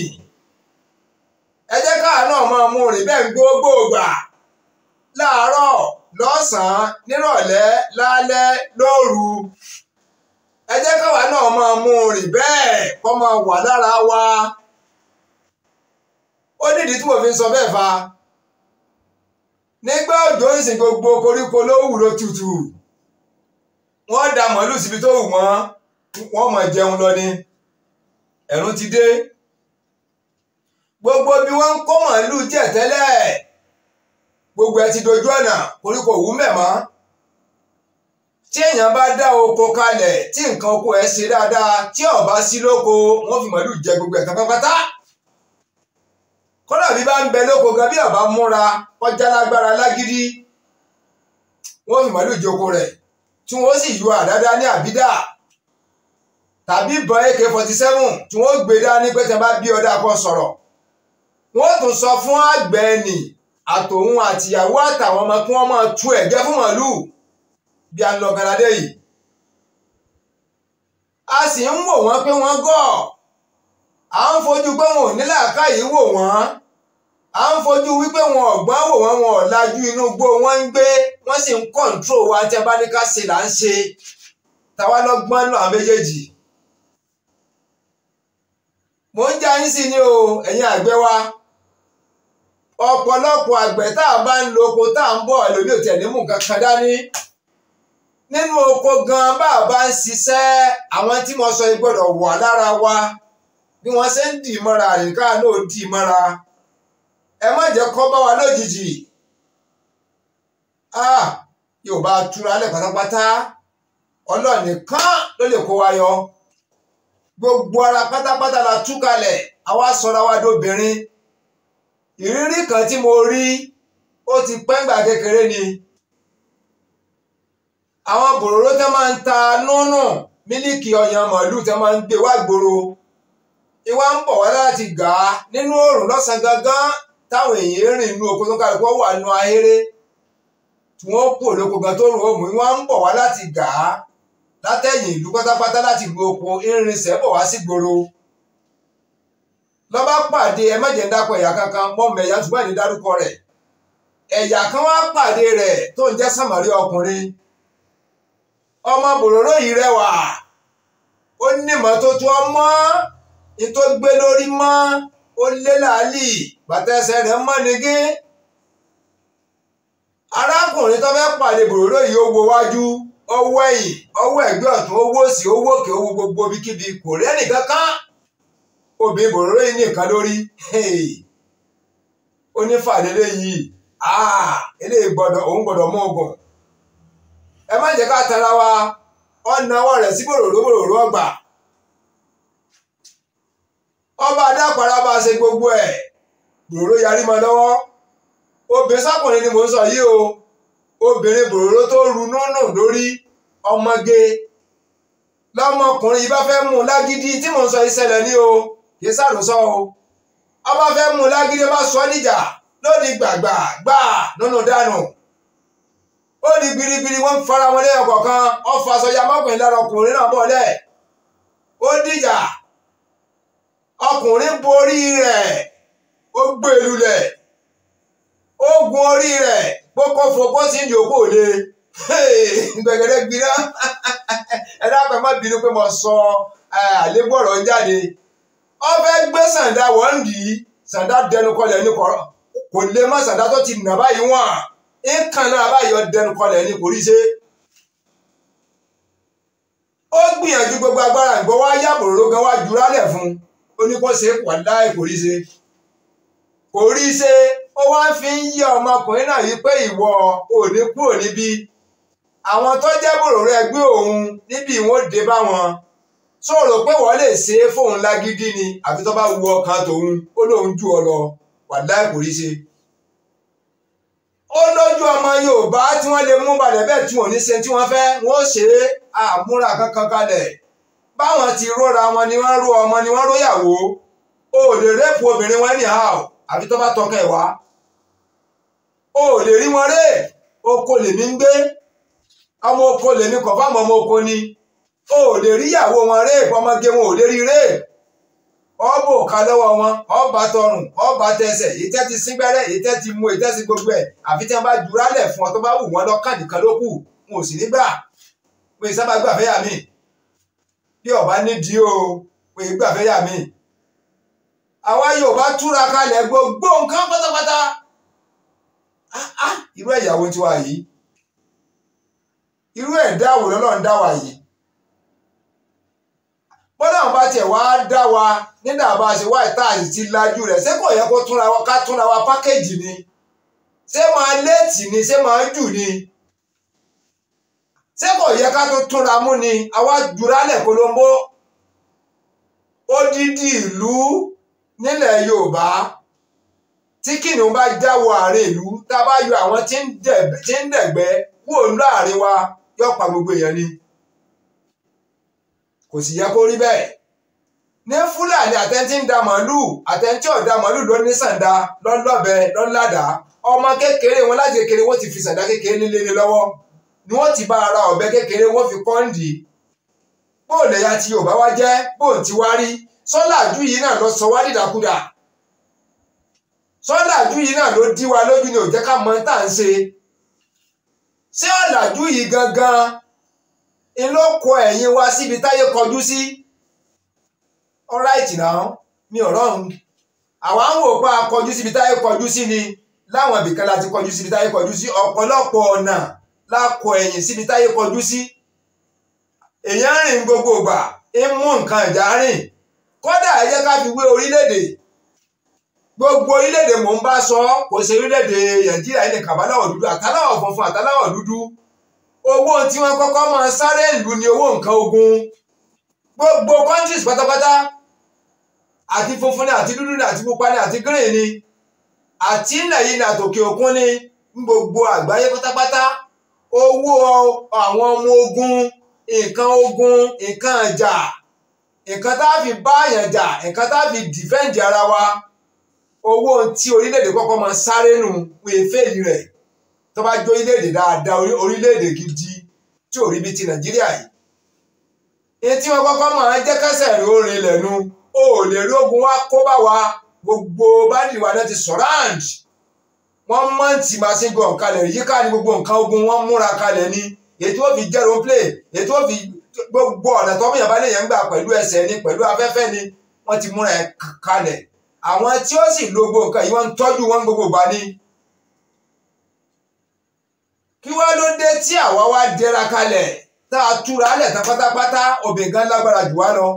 Speaker 1: ẹ jẹ́ káà náà máa mú un rìn bẹ́ẹ̀ gbogbo ìgbà láàárọ̀ lọ́sàn-án nírọ̀lẹ́ lálẹ́ lóru. ẹ jẹ́ káwa náà máa mú un rìn bẹ́ẹ̀ kó máa wà lára wa ó nídìí tí mo fi ń sọ bẹ́ẹ̀ fa nígbà òjò ń sìn gbogbo koríko ló wù tutù wọ́n da màálù síbi tó wù wọ́n wọ́n máa jẹun lọ ni ẹ̀rùn ti dé gbogbo bí wọ́n ń kó màálù jẹ tẹ́lẹ̀ gbogbo ẹ ti dojú ọ̀nà koríko wù mẹ́mọ́. tí èèyàn bá dá oko kalẹ̀ tí nǹkan oko ẹ̀ ṣe dáadáa tí ó bá sí lóko wọ́n fi màálù jẹ gbogbo ẹ̀ka pátápátá kódà bí bá ń bẹ lóko gan bí ó bá múra kọjá lágbára lágídí wọ́n fi màálù jókòó rẹ̀ tí wọ́n sì yọ àdáda ní àbídà tàbí ìbọn ak forty seven tí wọ́n gbé dání pé tẹ́ bá bí ọdá kan sọ̀rọ̀ wọ́n tún sọ fún àgbẹ̀ ẹnì àtòun àtìyàwó àtàwọn ọmọ kí wọ́n máa tú ẹ̀gẹ́ fún màálù bí a ń lọ garadé yìí a sì ń wò wọ́n pé wọ́n gọ̀ à ń fojú pé wọn ò ní làákàyè wò wọ́n à ń fojú wípé wọn ọ̀gbọ́n wò wọ́n wọn ọ̀làjú inú gbó wọn ń gbé wọ́n sì ń kọ̀ǹtró wa tí a bá ní ká ṣe là ń ṣe táwa lọ́gbọ́n náà àwọn méjèèjì mò ń já yín sí ni o ẹ̀yin àgbẹ̀ wa ọ̀pọ̀lọpọ̀ àgbẹ̀ tá a bá ń lo oko tá a ń bọ̀ ẹlòmíì ò tẹ̀ ní mú nǹkan dání. nínú oko gan bá a bá ń ṣiṣẹ́ àwọn tí mo sọ gbọ́dọ̀ wà lára wa bí wọ́n ṣe ń dì mọ́ra àyíká náà dì mọ́ra ẹ má jẹ́ kọ́ bá wa lójijì ah, yóò bá túra lẹ̀ pátápátá ọlọ́ọ̀ nìkan ló lè kó wa yọ gbogbo ara pátápátá la tú kalẹ̀ àwa sọra wa dobìnrin ìrírí kan tí mo rí ó ti pẹ́ngbà kékeré ni. àwọn bòròró tán máa ń ta nùnù mílíkì ọyàn màálù tán máa ń gbé wá gbòòrò ìwà ń bọ̀ wá láti gà á nínú òòrùn lọ́sàn-án gangan táwọn èèyàn rìn inú oko tó kálukú wà nù ahéré tí wọ́n kú olóko gan tó rùn ìwà ń bọ̀ wá láti gà á látẹ̀yìn ìlú pátápátá láti oko kankan ẹ̀yà dárúkọ rẹ̀ ẹ̀yà kan wá pàdé rẹ̀ tó ń jẹ́ ọkùnrin ọmọ bòròró yìí rẹwà ó ní ìmọ́tótó ọmọ ní tó gbé lórí mọ́ ó lé làálì bàtẹ́sẹ̀ rẹ̀ mọ́ nigi arákùnrin tó fẹ́ pàdé bòròró yìí ó wo wájú ọwọ́ ẹ̀yìn ọwọ́ owó sí owó owó gbogbo kò bòròró yìí nìkan lórí ó ní eléyìí òun ẹ má jẹ́ ká tara wa ọ̀nà ọwọ́ rẹ̀ sí bòròró bòròró ọgbà ọba adápara bá ṣe gbogbo ẹ̀ bòròró yarí ma lọ́wọ́ obìnrin sákùnrin ni mò ń sọ yìí o obìnrin bòròró tó ru nùnù lórí ọmọge lọmọkùnrin yìí bá fẹ́ mú un lágídí tí mò ń sọ ìṣẹ̀lẹ̀ ní o kì í sàrùsọ o ọba fẹ́ mú un lágídí ọba sọ níjà lónìí gbàgbà gbà nínú dànù. ó di biribiri wọ́n fara wọn lẹ́yìn kan ọ̀fà ya mọ́kùnrin lára ọkùnrin náà bọ̀ O ó dìjà ọkùnrin borí rẹ ó gbèlú e lẹ̀ ó gun orí rẹ gbókò fòkó sí ìdíòkò lé gbẹ̀gẹ̀dẹ̀ gbiná ẹ dápẹ́ má bínú pé mo sọ àlébù jáde ó gbé sàǹdà dì í sàǹdà dẹnu ní kò lè má sàǹdà tó ti nà nǹkan náà abáyọ dẹnu kọlẹ̀ ní kò rí ṣe ó gbìyànjú gbogbo agbára ìgbọ́ wá yàbòrò gan wá jurálẹ̀ fún ó ní kó ṣe wà láì kò rí ṣe kò rí ṣe ó wá fi ń yẹ ọmọkùnrin náà wípé ìwọ ò ní kúrò níbí àwọn tó jẹ́ bòròrò ẹgbẹ́ òun níbi ìwọ́n dé bá wọn sọ̀rọ̀ pé wọ́n lè ṣe é fóun lágídí ni àfi tó bá wu ọkàn tòun ó lóun jù ọ lọ wà láì kò rí ṣe. ó lójú ọmọ Yorùbá tí wọ́n lè mú balẹ̀ bẹ́ẹ̀ tí wọ́n ní ṣe tí wọ́n fẹ́ wọ́n ṣe àmúra kankan kalẹ̀ báwọn ti róra wọn ni wọn ró ọmọ ni wọn wọ́n róyàwó o ò lè rẹ́pù obìnrin wọn ní àhàó àbí tó bá tọkẹ wá o ò lè rí wọn rè oko lèmi ń gbé ọmọ oko lèmi kọ̀ fáwọn ọmọ oko ni o ò lè ríyàwó wọn rè ọmọge wọn ò lè rí rè ọbọ òka lọ́wọ́ wọn ọba tọrùn ọba tẹsẹ̀ èyí tẹ́ ti síngbẹ́rẹ́ èyí tẹ́ ti mú èyí tẹ́ ti gbogbo ẹ̀ àfi tí wọ́n bá jurálẹ̀ fún ọ tó bá wù wọ́n lọ́kàn nìkan ló kù wọn ò sì ní gbà pé sábà gbàfẹ́ yà mí bí ọba nídìí o pé gbàfẹ́ yà mí. àwa Yorùbá túra kalẹ̀ gbogbo nǹkan pátápátá irú ẹ̀yàwó tiwa yìí irú ẹ̀dá àwòrán náà ń dá wa yìí wọ́n náà bá tiẹ̀ wá dá wa nígbà bá ṣe wá ìta àyè ti lajú rẹ̀ ṣé kò yẹ kó túnra wa ká túnra wa pákéjì ni ṣé máa léètì ni ṣé máa jù ni ṣé kò yẹ ká tó túnra mú ni àwa juralẹ̀ polongo odidi ìlú nílẹ̀ Yorùbá tí kìnìún bá jáwọ àárín ìlú tá a bá yọ àwọn tí ń dẹ̀gbẹ́ kúrò láàrin wa yọ gbogbo èèyàn ni kò sì yẹ kó rí bẹ́ẹ̀ ní fúlàní àtẹ́ntí ń da màálù àtẹ́ntí ọ̀dà màálù ló ní sàǹdà lọ́lọ́bẹ lọ́ládà ọmọ kékeré wọn láti kékeré wọn ti fi sàǹdà kékeré líle lọ́wọ́ ni wọ́n ti bá ara ọ̀bẹ kékeré wọ́n fi kọ́ńdì bóun lẹ̀yà tí Yorùbá wá jẹ́ bóun ti wá rí sọ́làjú yìí náà lọ sọ wá dìdàkudà sọ́làjú yìí náà ló dí wa lójú ni ò ká mọ tá à ń ṣe ṣé ọ̀làjú yìí gangan ló kọ ẹ̀yìn wá síbi táyé kọjú sí alright now mi ò rọrùn àwa ń wò pa kọjú síbi táyé kọjú sí ni láwọn ibìkan láti kọjú síbi táyé kọjú sí ọ̀pọ̀lọpọ̀ ọ̀nà la kọ síbi táyé kọjú sí èèyàn rìn gbogbo ìgbà ń mú nǹkan ìjà rìn kódà ẹ ká fi wé orílẹ̀-èdè gbogbo orílẹ̀-èdè mò ń bá sọ kò sí orílẹ̀-èdè Nàìjíríà ẹnì kàbáláwọ̀ dúdú àtàláwọ̀ funfun àtàláwọ̀ dúdú owó tí wọ́n kọ́kọ́ máa sáré ìlú ni owó nǹkan ogun gbogbo countries pátápátá àti funfun ni àti dúdú ni àti pupa ni àti green ni àti ilẹ̀ yìí ni àtòkè òkun ni gbogbo àgbáyé pátápátá owó àwọn ọmọ ogun nǹkan ogun nǹkan ọjà nǹkan tá a fi bá àyàn jà nǹkan tá a fi dìfẹ́ǹdì ara wa owó tí orílẹ̀-èdè kọ́kọ́ máa sáré nù pé fèèlì rẹ̀ tó bá jó orílẹ̀-èdè dáadáa orílẹ̀-èdè gidi tí ò rí bíi ti nàìjíríà yìí. èyí tí wọn kọ́kọ́ máa ń jẹ́ kẹsẹ̀ rí ó rin o ó lè rí ogun wá kó bá wa gbogbo báńdì wa náà ti surround wọ́n mọ̀ǹtì màsíngọ̀ kalẹ̀ yíká ni gbogbo nǹkan ogun wọ́n múra kalẹ̀ ni èyí tí wọ́n fi jẹ́ roleplay èyí tí wọ́n fi gbogbo ọ̀nà tó mìíràn bá lè yẹn gbà pẹ̀lú ẹsẹ̀ ni pẹ̀lú afẹ́fẹ́ ni wọ́n ti múra ẹ̀ kalẹ̀ àwọn tí ó sì lo gbogbo nǹkan yìí wọ́n ń tọ́jú wọn gbogbo gbà ni kí wá ló dé tí àwa wá dẹra kalẹ̀ tá a túra alẹ̀ tán pátápátá obìnrin gan lágbára jù wá lọ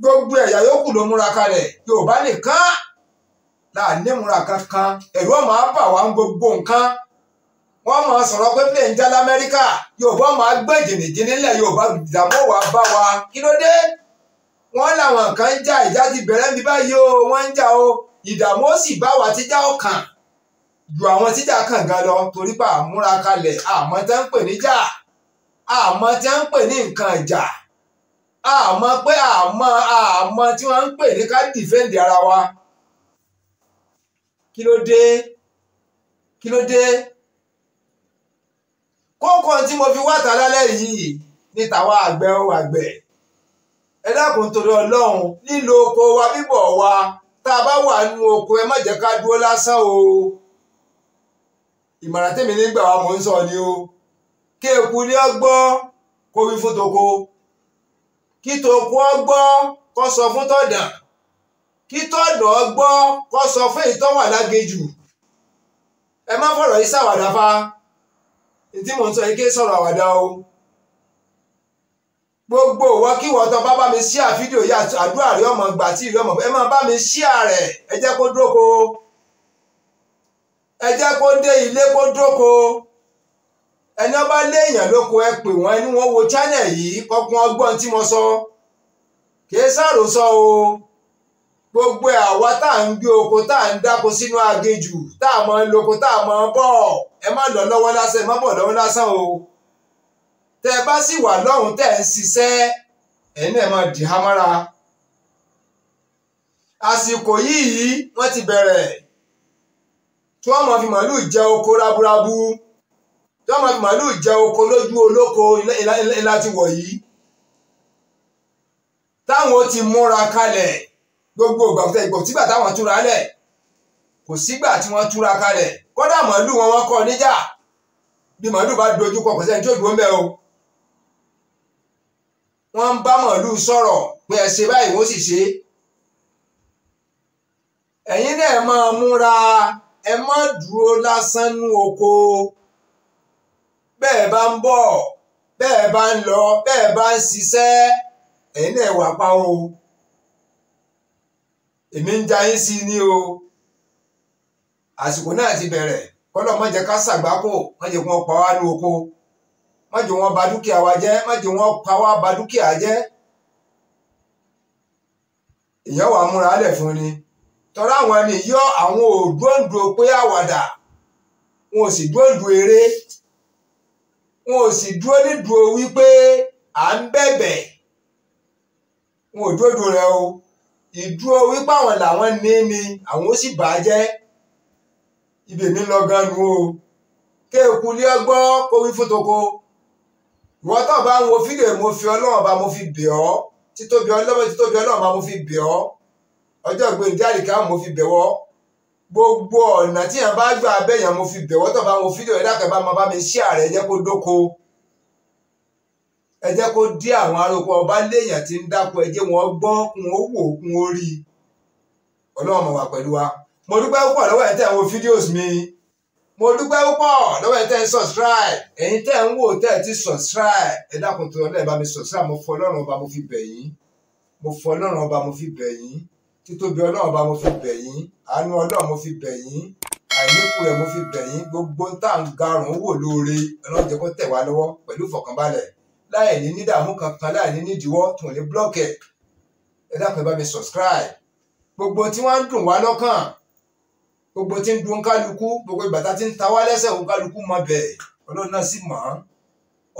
Speaker 1: gbogbo ẹ̀yà yòókù ló múra kalẹ̀ yorùbá nìkan náà nímúra kankan ẹ̀rú ọmọ apá wa ń gbogbo nǹkan wọ́n máa sọ̀rọ̀ pé plẹ̀ ń já lamẹ́ríkà yorùbá máa gbẹ́ jìnnìjìnnì nílẹ̀ yorùbá ìdààmú wa bá wa kí ló dé wọ́n làwọn kan ń jà ìjà ti bẹ̀rẹ̀ mi báyìí o wọ́n ń jà o ìdààmú ó sì bá wa ti já ọkàn ju àwọn tíjà kàngan lọ torí pé àmúra kalẹ̀ àmọ́ tẹ́ ń pè níjà àmọ́ tẹ́ ń pè ní nǹkan ìjà àmọ́ pé àmọ́ àmọ́ tí wọ́n ń pè ní ká dìfẹ́ǹdì ara wa kí ló dé kí ló dé kókó tí mo fi wáta lálẹ́ yìí ní tàwa àgbẹ̀ o àgbẹ̀ ẹ dákun torí ọlọ́run lílo oko wa bíbọ̀ wa tá a bá wà nínú oko ẹ má jẹ́ ká dúró lásán o ìmọ̀ràn tèmi nígbà wa mò ń sọ ni o kí eku ní ọgbọ́ kó wí fún toko kí toko ọgbọ́ kó sọ fún tọ̀dà kí tọ̀dọ̀ ọgbọ́ kó sọ fún ìtọ́wà lágejù ẹ má fọ̀rọ̀ yìí ṣàwàdà fa tí mò ń sọ yìí ké sọ̀rọ̀ àwàdà o gbogbo ìwọkíwọ tó bá bá mi ṣí àfídíò yìí àdúrà rí ọmọ gbà tí ìrí ọmọ ẹ má bá mi ṣí àrẹ ẹ jẹ́ kó dúró ko. ẹ jẹ́ kó dé ilé kó dóko ẹni ọba léèyàn lóko ẹ pè wọ́n ẹni wọ́n wo channel yìí kọ́kún ọgbọ́n tí mo sọ kìí sàròsọ o gbogbo àwa tá à ń gbé oko tá à ń dáko sínú aginjù tá à mọ ń loko tá à máa ń ẹ má lọ lọ́wọ́ lásán ẹ má bọ̀ lọ́wọ́ lásán o tẹ bá sì wà lọ́hùn tẹ̀ ń ṣiṣẹ́ ẹ̀yin náà máa dì hámọ́ra àsìkò yìí wọ́n ti bẹ̀rẹ̀. tí wọ́n máa fi màálù jẹ oko rábúrábú tí wọ́n máa fi màálù jẹ oko lójú olóko ilá ti wọ̀ yìí táwọn ti múra kalẹ̀ gbogbo ìgbàfẹ́ ìgbò tígbà táwọn túra lẹ̀ kò sígbà tí wọ́n túra kalẹ̀ kódà màálù wọn wọn kọ́ níjà bí màálù bá dojú kọ pẹ̀sẹ̀ tí ó dúró ń o wọ́n bá màálù sọ̀rọ̀ pé ẹ ṣe báyìí wọ́n sì ṣe ẹ̀yin náà máa múra. ẹ má dúró lásán nú oko bẹ́ẹ̀ bá ń bọ̀ bẹ́ẹ̀ bá ń lọ bẹ́ẹ̀ bá ń ṣiṣẹ́ ẹ̀yin náà wà pa o èmi ń ja yín sí i ní o àsìkò náà ti bẹ̀rẹ̀ kọ́lọ̀ má jẹ́ ká ṣàgbákò má jẹ́ wọn pa wá ní oko má jẹ́ wọn ba dúkìá wa jẹ́ má jẹ́ wọn pa wá ba dúkìá jẹ́ èèyàn wà múra lẹ̀ fún ni. tọ́ra àwọn ẹni yọ àwọn ò dúòǹdúò pé àwàdà wọn ò sì dúòǹdúò eré wọn ò sì dúró nídùú wípé à ń bẹ̀bẹ̀ wọn ò dúró dùn rẹ o ìdúró wípé àwọn làwọn ní ni àwọn ó sì bà á jẹ́ ibè mi lọ gan nu o kéèkú lé ọgbọ́n kó wí fún toko ìwọ tó bá ń wo fídíò mo fi ọlọ́run bá mo fi bẹ̀ ọ́ títóbi ọlọ́run títóbi ọlọ́run bá mo fi bẹ̀ ọ́ ọjọ́ ìgbìn jáde ká mo fi bẹ̀wọ́ gbogbo ọ̀nà tí yàn bá gbà abẹ́yàn mo fi bẹ̀wọ́ tó bá wo fídíò ẹ̀dá kan bá máa bá mi ṣí ààrẹ ẹ jẹ́ kó dóko ẹ jẹ́ kó dí àwọn aróko ọba léèyàn tí ń dáko ẹ jẹ́ wọn gbọ́ kún ó wò kún ó rí ọlọ́run mọ̀ wá pẹ̀lú wa mo dúpẹ́ púpọ̀ lọ́wọ́ ẹ̀ tẹ́ wo fídíòs mi mo dúpẹ́ púpọ̀ lọ́wọ́ ẹ̀ tẹ́ subscribe ẹ̀yin tẹ́ ń wò tẹ́ ti subscribe ẹ dákun tó lọ́ọ́ bá mi subscribe mo fọ ọlọ́run ọba mo fi bẹ̀ mo fọ ọlọ́run ọba mo fi bẹ̀ títóbi ọlọ́run ọba mo fi bẹ̀ yín àánú ọlọ́run mo fi bẹ̀ àìníkù rẹ̀ mo fi bẹ̀ gbogbo tá à ń garùn wò lóore ọlọ́run jẹ́ kó tẹ̀ wá lọ́wọ́ pẹ̀lú ìfọ̀kànbalẹ̀ láì ní nídààmú kankan láì ní nídìíwọ́ tún ní blọ́ọ̀kì ẹ dákun ẹ bá mi subscribe gbogbo tí wọ́n ń dùn wá lọ́kàn gbogbo tí ń dùn kálukú gbogbo ìbàtà tí ń ta wá lẹ́sẹ̀ òun kálukú mọ bẹ̀ ọlọ́run náà sì mọ̀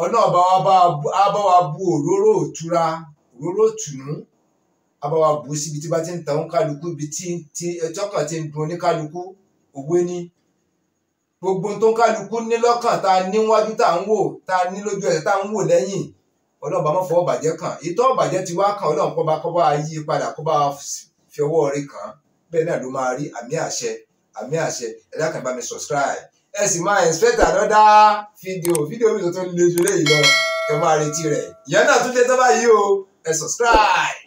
Speaker 1: ọ́n ọlọ́run bá wa bá wa bu òróró òtura òróró tùnú abáwa bù ú síbi tí bá ti ń tàn kálukú ibi tí tí ẹtọ́kàn eh, ti ń dun oníkálukú òwe ni gbogbo tó ń kálukú ní lọ́kàn tá a níwájú tá a ń wò tá a ní lójú ẹ̀ tá a ń wò lẹ́yìn ọlọ́run bá má fọwọ́ bàjẹ́ kàn ìtọ́ bàjẹ́ ti wá kàn ọlọ́run kó bá kó bá yí padà kó bá fi ọwọ́ rẹ̀ kàn bẹ́ẹ̀ náà ló máa rí àmì àṣẹ àmì àṣẹ ẹ dákàn bá mi subscribe ẹ sì máa expect another video video mi tó tó le jù léyìí lọ ẹ máa retí rẹ̀ ìyá náà tún dé tó báyìí o ẹ subscribe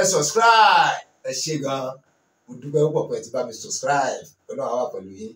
Speaker 1: ẹ subscribe ẹ ṣe gan mo dúpẹ́ púpọ̀ pé ẹ ti bá mi subscribe ọlọ́run àwa pẹ̀lú yín.